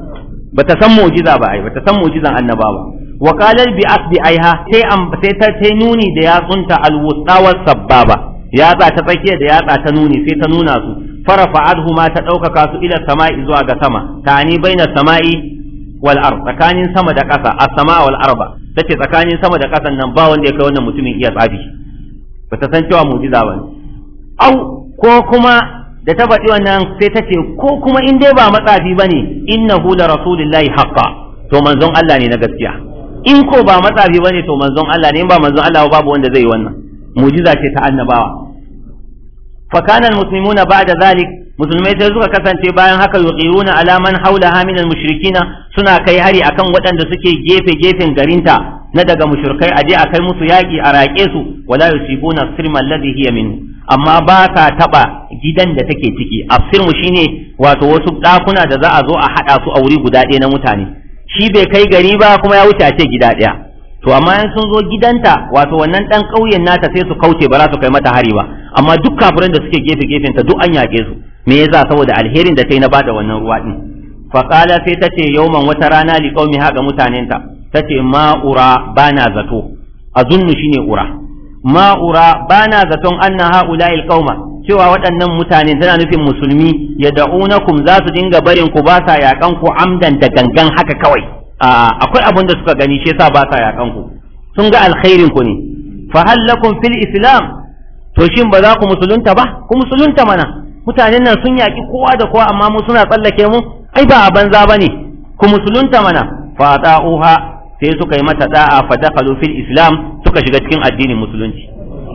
bata san mu'jiza ba ai bata san mu'jizan annabawa wa qalat bi asbi aiha sai am sai ta sai nuni da yatsunta alwusta was sababa ya ta tsakiya da ya ta nuni sai ta nuna su farafa'adhu ma ta daukaka su ila sama'i zuwa ga sama tani baina sama'i wal ard tsakanin sama da ƙasa as-sama wal arba tace tsakanin sama da ƙasa nan ba wanda ya kai wannan mutumin iya tsabi bata san cewa mu'jiza ba au ko kuma da ta faɗi wannan sai ta ce ko kuma in dai ba matsafi bane innahu la rasulillahi haqqa to manzon Allah ne na gaskiya in ko ba matsafi bane to manzon Allah ne in ba manzon Allah babu wanda zai yi wannan mujiza ce ta annabawa fa kana almuslimuna ba'da zalik musulmai sai suka kasance bayan haka yuqiruna ala man haula min almushrikina suna kai hari akan waɗanda suke gefe gefen garinta na daga mushrikai aje a kai musu yaƙi a raƙe su wala yusibuna sirma alladhi hiya minhu amma ba ka taɓa gidan da take ciki afsirmu shine wato wasu ɗakuna da za a zo a haɗa su a wuri guda ɗaya na mutane shi bai kai gari ba kuma ya wuce a ce gida ɗaya to amma in sun zo gidanta wato wannan ɗan ƙauyen nata sai su kauce ba za su kai mata hari ba amma duk kafirin da suke gefe gefen ta duk an yaƙe su me yasa saboda alherin da ta yi na bada wannan ruwa ɗin? Fasala sai ta tace yauman wata rana liqaumi ha ga mutanenta tace ma ura bana zato azunnu shine ura ma'ura ba na zaton anna ha'ula'il qauma cewa waɗannan mutane tana nufin musulmi ya da'unakum za su dinga barin ku ba sa yakan ku amdan da gangan haka kawai akwai abin da suka gani shi yasa ba sa yakan ku sun ga alkhairin ku ne fa hallakum fil islam to shin ba za ku musulunta ba ku musulunta mana mutanen nan sun yaki kowa da kowa amma mu suna tsallake mu ai ba a banza bane ku musulunta mana fa ta'uha sai suka yi mata da'a fa dakhalu fil islam suka shiga cikin addinin musulunci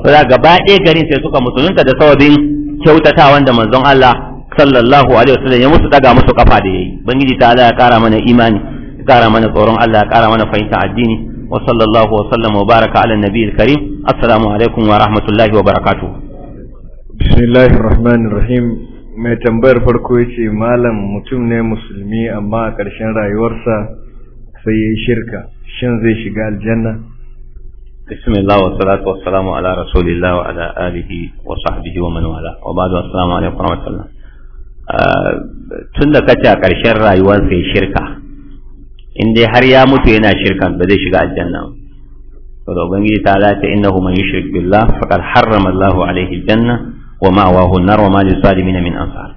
saboda gaba ɗaya garin sai suka musulunta da sababin kyautata wanda manzon Allah sallallahu alaihi wasallam ya musu daga musu kafa da yayi bangiji ta Allah ya kara mana imani ya kara mana tsoron Allah ya kara mana fahimta addini wa sallallahu wa sallama wa baraka ala nabiyil karim assalamu alaikum wa rahmatullahi wa barakatuh bismillahir rahmanir rahim mai tambayar farko yace malam mutum ne musulmi amma a ƙarshen rayuwarsa sai ya yi shirka shin zai shiga aljanna bismillah wa salatu wa salamu ala rasulillah wa ala alihi wa sahbihi wa man wala wa ba'du assalamu alaikum wa rahmatullah ah, tun da kace a ƙarshen rayuwar ya shirka in dai har ya mutu yana shirkan ba zai shiga aljanna ba to ubangiji ta lata innahu man yushrik billah faqad harrama Allahu alaihi aljanna wa ma'awahu an-nar wa ma lil-zalimin min ansar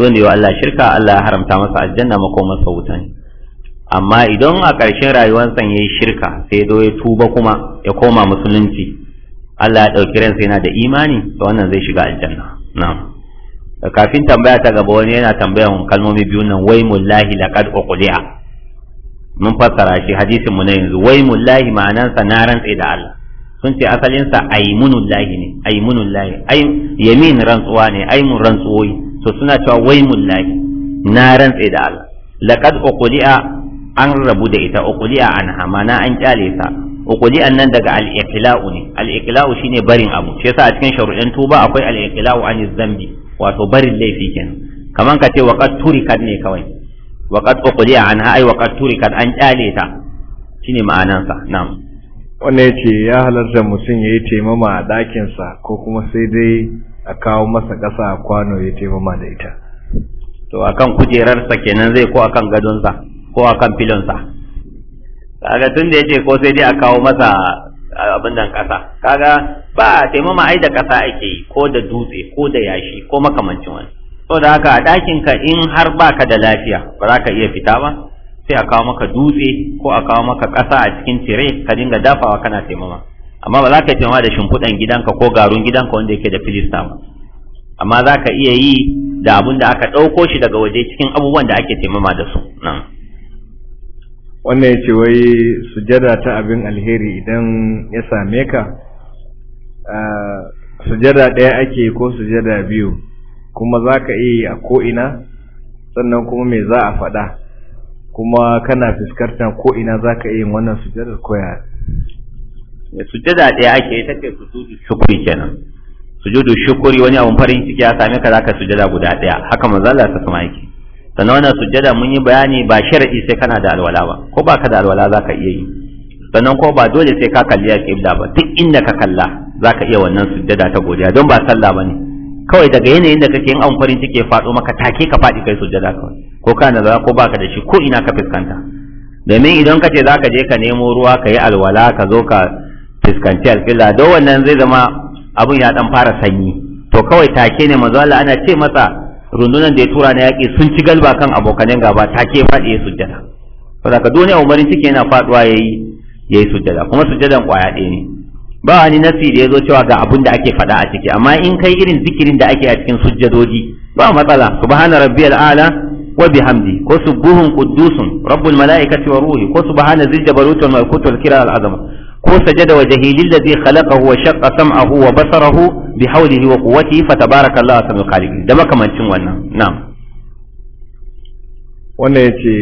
wanda yau Allah shirka Allah ya haramta masa aljanna ma makomarsa wuta ne amma idan a ƙarshen rayuwarsa ya yi shirka sai zo ya tuba kuma ya koma musulunci Allah ya ɗauki ransa yana da imani to wannan zai shiga aljanna na'am kafin tambaya ta gaba wani yana tambayan kalmomi biyu nan wai mullahi laqad uqliya mun fassara shi hadisin mu na yanzu wai mullahi ma'anansa na rantsa da Allah sun ce asalinsa lahi ne aimunullahi ay yamin rantsuwa ne aimun rantsuwoyi to suna cewa wai mullahi na rantsa da Allah laqad uqliya an rabu da ita uquliya anha na an kyale ta uquliyan nan daga al-iqla'u ne al-iqla'u shine barin abu shi yasa a cikin shari'an tuba akwai al-iqla'u an zambi wato barin laifi kenan kaman ka ce waqad turikat ne kawai waqad uquliya anha ai waqad turikat an kyale ta shine ma'anansa na'am wanda ya ce ya halarta mutum ya yi taimama a ɗakinsa ko kuma sai dai a kawo masa ƙasa a kwano ya taimama da ita. To akan kujerarsa kenan zai ko akan gadonsa? ko a kan filonsa kaga tun da ya ce ko sai dai a kawo masa abin nan kasa kaga ba a taimama ai da kasa ake yi ko da dutse ko da yashi ko makamancin wani da haka a ɗakin ka in har ba ka da lafiya ba za ka iya fita ba sai a kawo maka dutse ko a kawo maka kasa a cikin tire ka dinga dafawa kana taimama amma ba za ka taimama da shimfiɗan gidanka ko garun gidanka wanda yake da filista ba amma za ka iya yi da abun da aka ɗauko shi daga waje cikin abubuwan da ake taimama da su nan wannan ya ce wai sujada ta abin alheri idan ya same ka sujada ɗaya ake ko sujada biyu kuma za ka iya a ko'ina sannan kuma mai za a faɗa kuma kana fuskantar ko'ina za ka iya wannan sujadar koya sujada ɗaya ake ta ce sujudu shukuri kenan sujudu shukuri wani abun farin ciki ya same ka za ka sujada guda ɗaya haka manzala ta sama yake sannan wannan sujjada mun yi bayani ba shar'i sai kana da alwala ba ko ba ka da alwala za ka iya yi sannan ko ba dole sai ka kalli a kibla ba duk inda ka kalla za ka iya wannan sujjada ta godiya don ba sallah ba ne kawai daga yanayin da kake yin an farin ciki ya faɗo maka take ka faɗi kai sujjada kawai ko na za ko ba ka da shi ko ina ka fuskanta domin idan ka ce za ka je ka nemo ruwa ka yi alwala ka zo ka fuskanci alƙibla don wannan zai zama abun ya ɗan fara sanyi to kawai take ne manzo ana ce masa rundunan da ya tura na yaƙi sun ci galba kan abokanen gaba ta ke faɗi ya sujjada saboda ka duniya umarin ciki yana faɗuwa ya yi sujjada kuma sujjadan ƙwaya ɗaya ne ba wani nasi da ya zo cewa ga abin da ake faɗa a ciki amma in kai irin zikirin da ake a cikin sujjadoji ba matsala subhana Rabi a'la wa bihamdi ko subuhun quddusun rabbul malaikati wa ruhi ko subhana zil hana Zirga kiral azama ko sajada wa jahilil ladhi khalaqahu wa shaqqa sam'ahu wa basarahu bi hawlihi wa quwwatihi fa tabarakallahu ahsanul khaliqin da makamancin wannan na'am wannan yace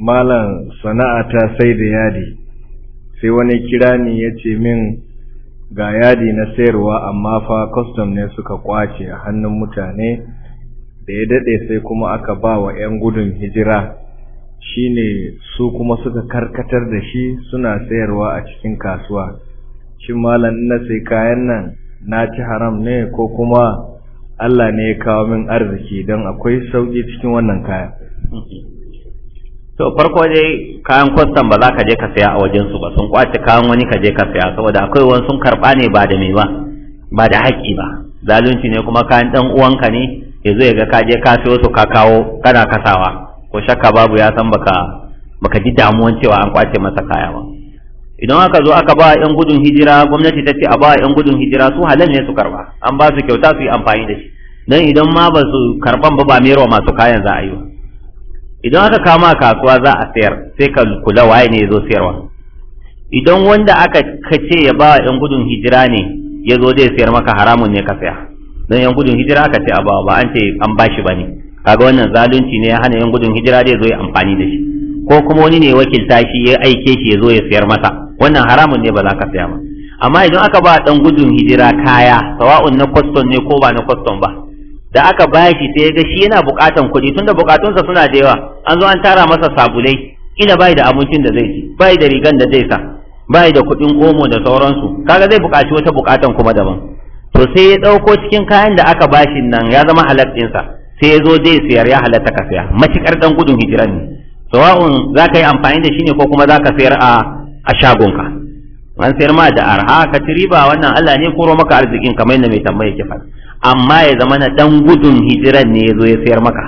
malam sana'a ta sai da yadi sai wani kirani ni yace min ga yadi na sayarwa amma fa custom ne suka kwace a hannun mutane da ya dade sai kuma aka ba wa 'yan gudun hijira shine su kuma suka karkatar da shi suna sayarwa a cikin kasuwa shin malam na sai kayan nan na ci haram ne ko kuma Allah ne ya kawo min arziki don akwai sauki cikin wannan kaya to farko dai kayan kwastam ba za ka je ka saya a wajensu ba sun kwace kayan wani ka je ka saya saboda akwai wani sun karɓa ne ba da mai ba ba da haƙƙi ba zalunci ne kuma kayan ɗan uwanka ne ya zo ya ga ka je ka siyo su ka kawo kana kasawa ko shakka babu ya san baka baka ji damuwan cewa an kwace masa kaya ba idan aka zo aka ba yan gudun hijira gwamnati ta ce a ba yan gudun hijira su halal ne su karba an ba su kyauta su yi amfani da shi dan idan ma ba su karban ba ba mero masu kayan za a yi idan aka kama kasuwa za a sayar sai ka kula waye ne zo sayarwa idan wanda aka kace ya ba yan gudun hijira ne ya zo zai sayar maka haramun ne ka saya don yan gudun hijira aka ce a ba ba an ce an bashi ba ne kaga wannan zalunci ne ya hana yan gudun hijira zai zo ya amfani da shi ko kuma wani ne wakilta shi ya aike shi ya zo ya sayar masa wannan haramun ne ba za ka saya ba amma idan aka ba dan gudun hijira kaya sawa'un na kwaston ne ko ba na kwaston ba da aka ba shi sai ya ga shi yana bukatan kuɗi tunda bukatunsa suna da yawa an zo an tara masa sabulai ina bai da abincin da zai ci bai da rigan da zai sa bai da kuɗin omo da sauransu kaga zai bukaci wata bukatan kuma daban to sai ya ɗauko cikin kayan da aka bashi nan ya zama halal sai ya zo zai sayar ya halatta ka saya matukar dan gudun hijira ne sawa'un za ka yi amfani da shi ne ko kuma za ka sayar a shagonka an sayar ma da arha ka ci riba wannan Allah ne koro maka arzikin kamar yadda mai tambaya ke faɗi amma ya zama na dan gudun hijira ne ya zo ya sayar maka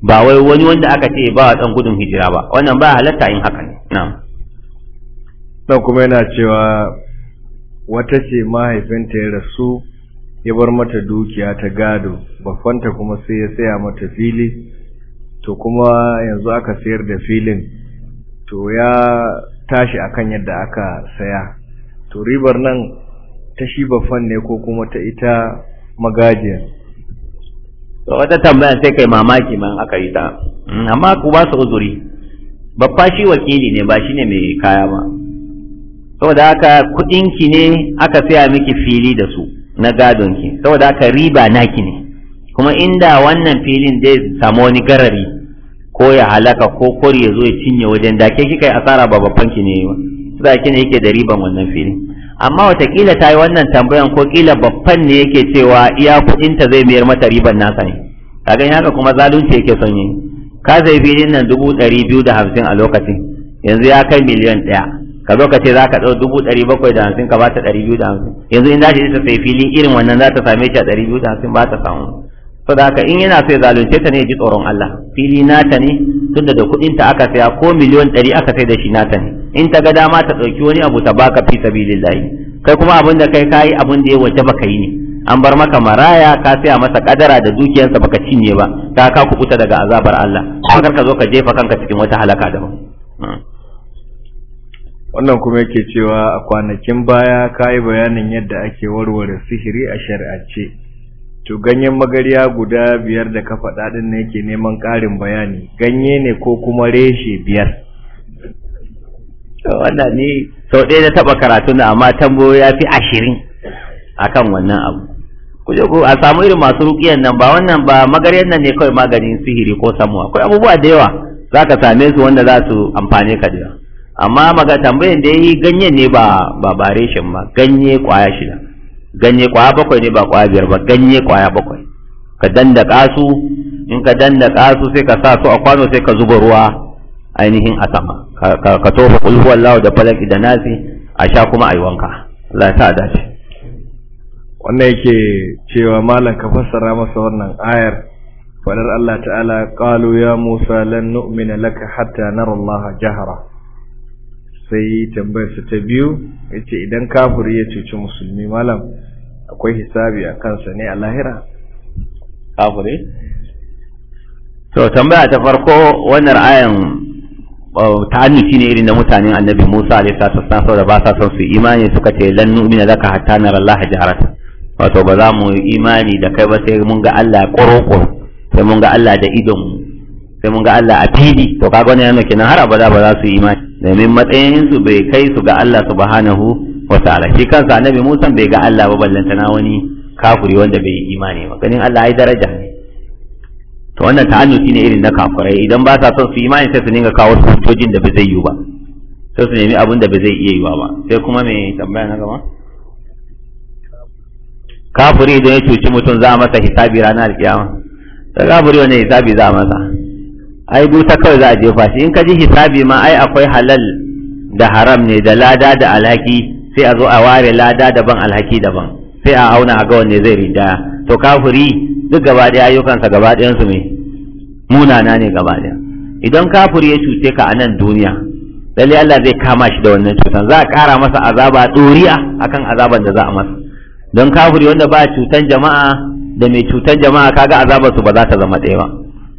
ba wai wani wanda aka ce ba dan gudun hijira ba wannan ba halatta yin haka ne na'am kuma yana cewa wata ce mahaifinta ya rasu ya bar mata dukiya ta gado baffanta kuma sai ya saya mata fili to kuma yanzu aka sayar da filin to ya tashi akan yadda aka saya to ribar nan ta shi babban ne ko kuma ta ita magajiya to wata tambaya sai kai mamaki man aka yi ta amma ku ba su uzuri babba shi wakili ne ba shi ne mai kaya ba saboda haka kudinki ne aka saya miki fili da su na gadon ki saboda haka riba naki ne kuma inda wannan filin zai samu wani garari ko ya halaka ko kori ya zo ya cinye wajen da ke kika yi asara ba babban ki ne ba da ki ne yake da riban wannan filin amma watakila ta yi wannan tambayan ko kila babban ne yake cewa iya kuɗinta zai mayar mata riban nasa ne kaga haka kuma zalunci yake son yi ka zai filin nan dubu ɗari biyu da hamsin a lokacin yanzu ya kai miliyan ɗaya ka zo ka ce za ka ɗau dubu ɗari bakwai da hamsin ka bata ɗari biyu da hamsin yanzu in dace ta sai fili irin wannan za ta same ta ɗari biyu da hamsin ba ta samu saboda haka in yana sai zalunce ta ne ya ji tsoron Allah fili nata ne tunda da kuɗin ta aka saya ko miliyon ɗari aka sai da shi nata ne in ta ga dama ta ɗauki wani abu ta baka fi sabilillahi kai kuma abin da kai kayi abin da ya waje baka yi ne an bar maka maraya ka saya masa kadara da dukiyarsa baka cinye ba ta ka kubuta daga azabar Allah kar ka zo ka jefa kanka cikin wata halaka daban hmm. wannan kuma yake cewa a kwanakin baya ka yi bayanin yadda ake warware sihiri a shari'ace to ganyen magariya guda biyar da ka faɗa ɗin ne yake neman ƙarin bayani ganye ne ko kuma reshe biyar wannan ne sau ɗaya na taɓa karatu na amma tambayo ya fi ashirin a kan wannan abu kuje ku a samu irin masu rukiyan nan ba wannan ba magariyan nan ne kawai maganin sihiri ko samuwa akwai abubuwa da yawa za ka same su wanda za su amfane ka da yawa amma maga tambayan da yayi ganyen ne ba ba bare shin ba ganye kwaya shida ganye kwaya bakwai ne ba kwaya biyar ba ganye kwaya bakwai ka dandaka su in ka dandaka su sai ka sa su a kwano sai ka zuba ruwa ainihin a sama ka tofa kulhuwar huwallahu da falaki da nasi a sha kuma yi wanka Allah ya sa dace wannan yake cewa malam ka fassara masa wannan ayar fadar Allah ta'ala qalu ya Musa lan nu'mina laka hatta nara Allah jahra sai tambayar su ta biyu yace ce idan kafiri ya cuci musulmi malam akwai hisabi a kansa ne a lahira kafiri to tambaya ta farko wannan ayan oh, annuci ne irin da mutanen annabi musa alaihi salatu wasallam saboda ba sa son su imani suka ce lan nu'mina laka hatta nara allah jaharata wato ba za mu yi imani da kai ba sai mun ga allah ƙoro sai mun ga allah da idon sai mun ga allah a fili to kaga wannan yana kenan har abada ba za su yi imani domin matsayinsu bai kai su ga Allah subhanahu wa ta'ala shi kansa annabi Musa bai ga Allah ba na wani kafuri wanda bai imani ba ganin Allah ai daraja ne to wannan ta'annuti ne irin na kafurai idan ba sa son su imani sai su dinga kawo hujjojin da ba zai yiwu ba sai su nemi abin da ba zai iya yiwa ba sai kuma me tambaya na gaba kafuri idan ya cuci mutum za a masa hisabi ranar kiyama ta kafuri wani hisabi za a masa ai duta kawai za a jefa shi in ka ji hisabi ma ai akwai halal da haram ne da lada da alhaki sai a zo a ware lada daban alhaki daban sai a auna a ga wanne zai rinda to kafiri duk gaba ɗaya ayyukansa gaba ɗayansu me munana ne gaba ɗaya idan kafiri ya cuce ka a nan duniya lalle Allah zai kama shi da wannan cutan za a kara masa azaba doriya akan azaban da za a masa don kafiri wanda ba cutan jama'a da mai cutan jama'a kaga azabar su ba za ta zama ɗaya ba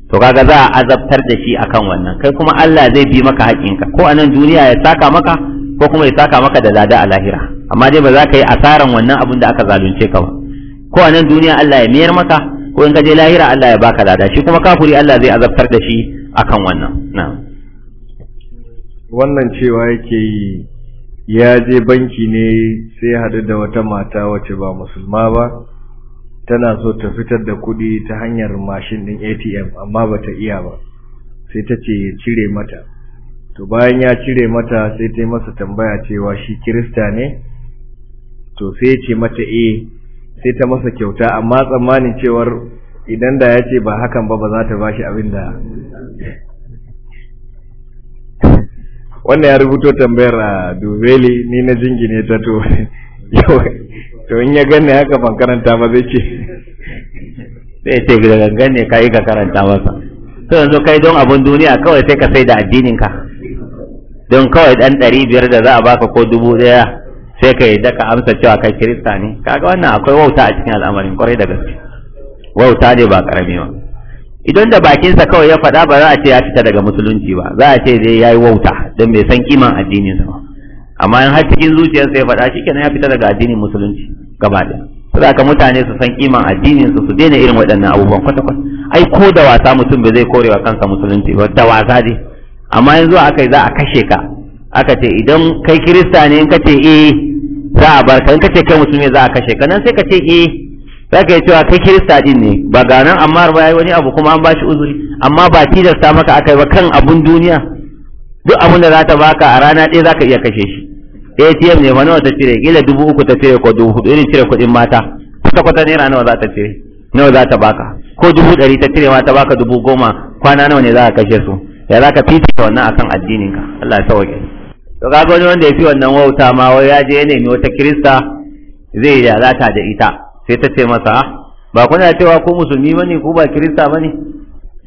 to kaga za a azabtar da shi akan wannan kai kuma Allah zai bi maka haƙinka ko a nan duniya ya saka maka ko kuma ya saka maka da lada a lahira amma dai ba za ka yi asaran wannan abin da aka zalunce ka ba ko a nan duniya Allah ya miyar maka ko in ka je lahira Allah ya baka lada shi kuma kafuri Allah zai azabtar da shi akan wannan na'am wannan cewa yake yi ya je banki ne sai ya haɗu da wata mata wacce ba musulma ba tana so ta fitar da kuɗi ta hanyar mashin ɗin ATM amma ba ta iya ba sai ta ce ya cire mata to bayan ya cire mata sai ta yi masa tambaya cewa shi kirista ne to sai ya ce mata eh sai ta masa kyauta amma tsammanin cewar idan da ya ce ba hakan ba ba za ta bashi abin da [laughs] wannan ya rubuto tambayar a dubeli ni na jingine ta to [laughs] to in ya gane haka ban karanta ba zai ce zai ce ga gangan ne ka yi ka karanta masa to yanzu kai don abun duniya kawai sai ka sai da addinin ka don kawai dan ɗari biyar da za a baka ko dubu ɗaya sai ka yi ka amsa cewa kai kirista ne kaga wannan akwai wauta a cikin al'amarin kwarai da gaske wauta ne ba karami ba idan da bakinsa kawai ya faɗa ba za a ce ya fita daga musulunci ba za a ce dai ya yi wauta don bai san kiman addininsa ba amma in har cikin zuciyarsa ya faɗa kenan ya fita daga addinin musulunci gaba da sai aka mutane su san kiman addinin su su daina irin waɗannan abubuwan kwata kwata ai ko da wasa mutum bai zai korewa kansa musulunci ba da wasa dai amma yanzu aka yi za a kashe ka aka ce idan kai kirista ne in ka ce eh za a bar in ka ce kai musulmi za a kashe ka nan sai ka ce eh za ka yi cewa kai kirista din ne ba ga nan amma ba yi wani abu kuma an ba shi uzuri amma ba tilasta maka aka yi ba kan abun duniya duk abin da za ta baka a rana ɗaya za ka iya kashe shi atm ne nawa ta cire gila dubu uku ta cire ko dubu hudu irin cire kuɗin mata kwata kwata naira nawa za ta cire nawa za ta baka ko dubu ɗari ta cire ma ta baka dubu goma kwana nawa ne za ka kashe su ya za ka da wannan akan addinin ka Allah ya sauke to ga wani wanda ya fi wannan wauta ma wai ya je ya nemi wata kirista zai yi lalata da ita sai ta ce masa ah, ba kuna cewa ko musulmi bane ko ba kirista bane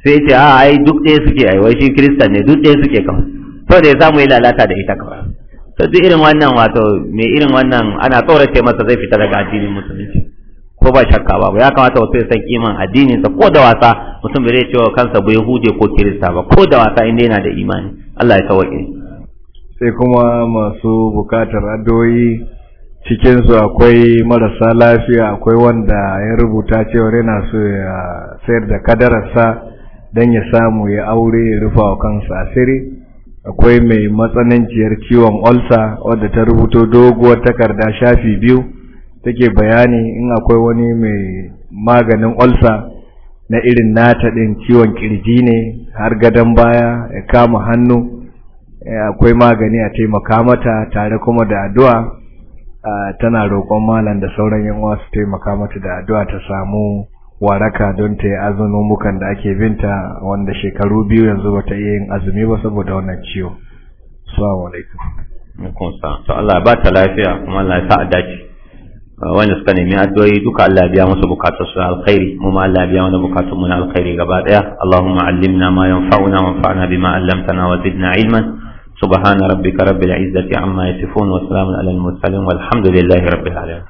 sai ce a ah, ai duk ɗaya suke ai wai shi kirista ne duk ɗaya suke kawai so da ya samu ya lalata da ita kawai to duk irin wannan wato mai irin wannan ana tsorace masa zai fita daga addinin musulunci ko ba shakka ba ya kamata wasu ya san kiman addinin sa ko da wasa mutum bai zai cewa kansa bai huje ko kirista ba ko da wasa inda yana da imani Allah ya sauke sai kuma masu bukatar addu'o'i cikinsu akwai marasa lafiya akwai wanda ya rubuta cewa yana so ya sayar da kadararsa don ya samu ya aure ya rufa wa kansa asiri akwai mai matsananciyar ciwon olsa wadda ta rubuto doguwar takarda shafi biyu take bayani in akwai wani mai maganin olsa na irin nata ɗin ciwon kirji ne har gadon baya ya kama hannu akwai magani a taimaka mata tare kuma da addu'a tana roƙon malam da sauran yan uwa su taimaka mata da addu'a ta samu waraka don ta yi mukan da ake binta wanda shekaru biyu yanzu bata iya yin azumi ba saboda wannan ciwo assalamu alaikum to Allah ba ta lafiya kuma Allah ya sa a dace wanda suka nemi addu'o'i duka Allah ya biya musu bukatun su alkhairi mu ma Allah ya biya wani bukatun mu na alkhairi gaba daya Allahumma allimna ma yanfa'una wanfa'na bima 'allamtana wa zidna ilman subhana rabbika rabbil izzati amma yasifun wa salamun alal mursalin walhamdulillahi rabbil alamin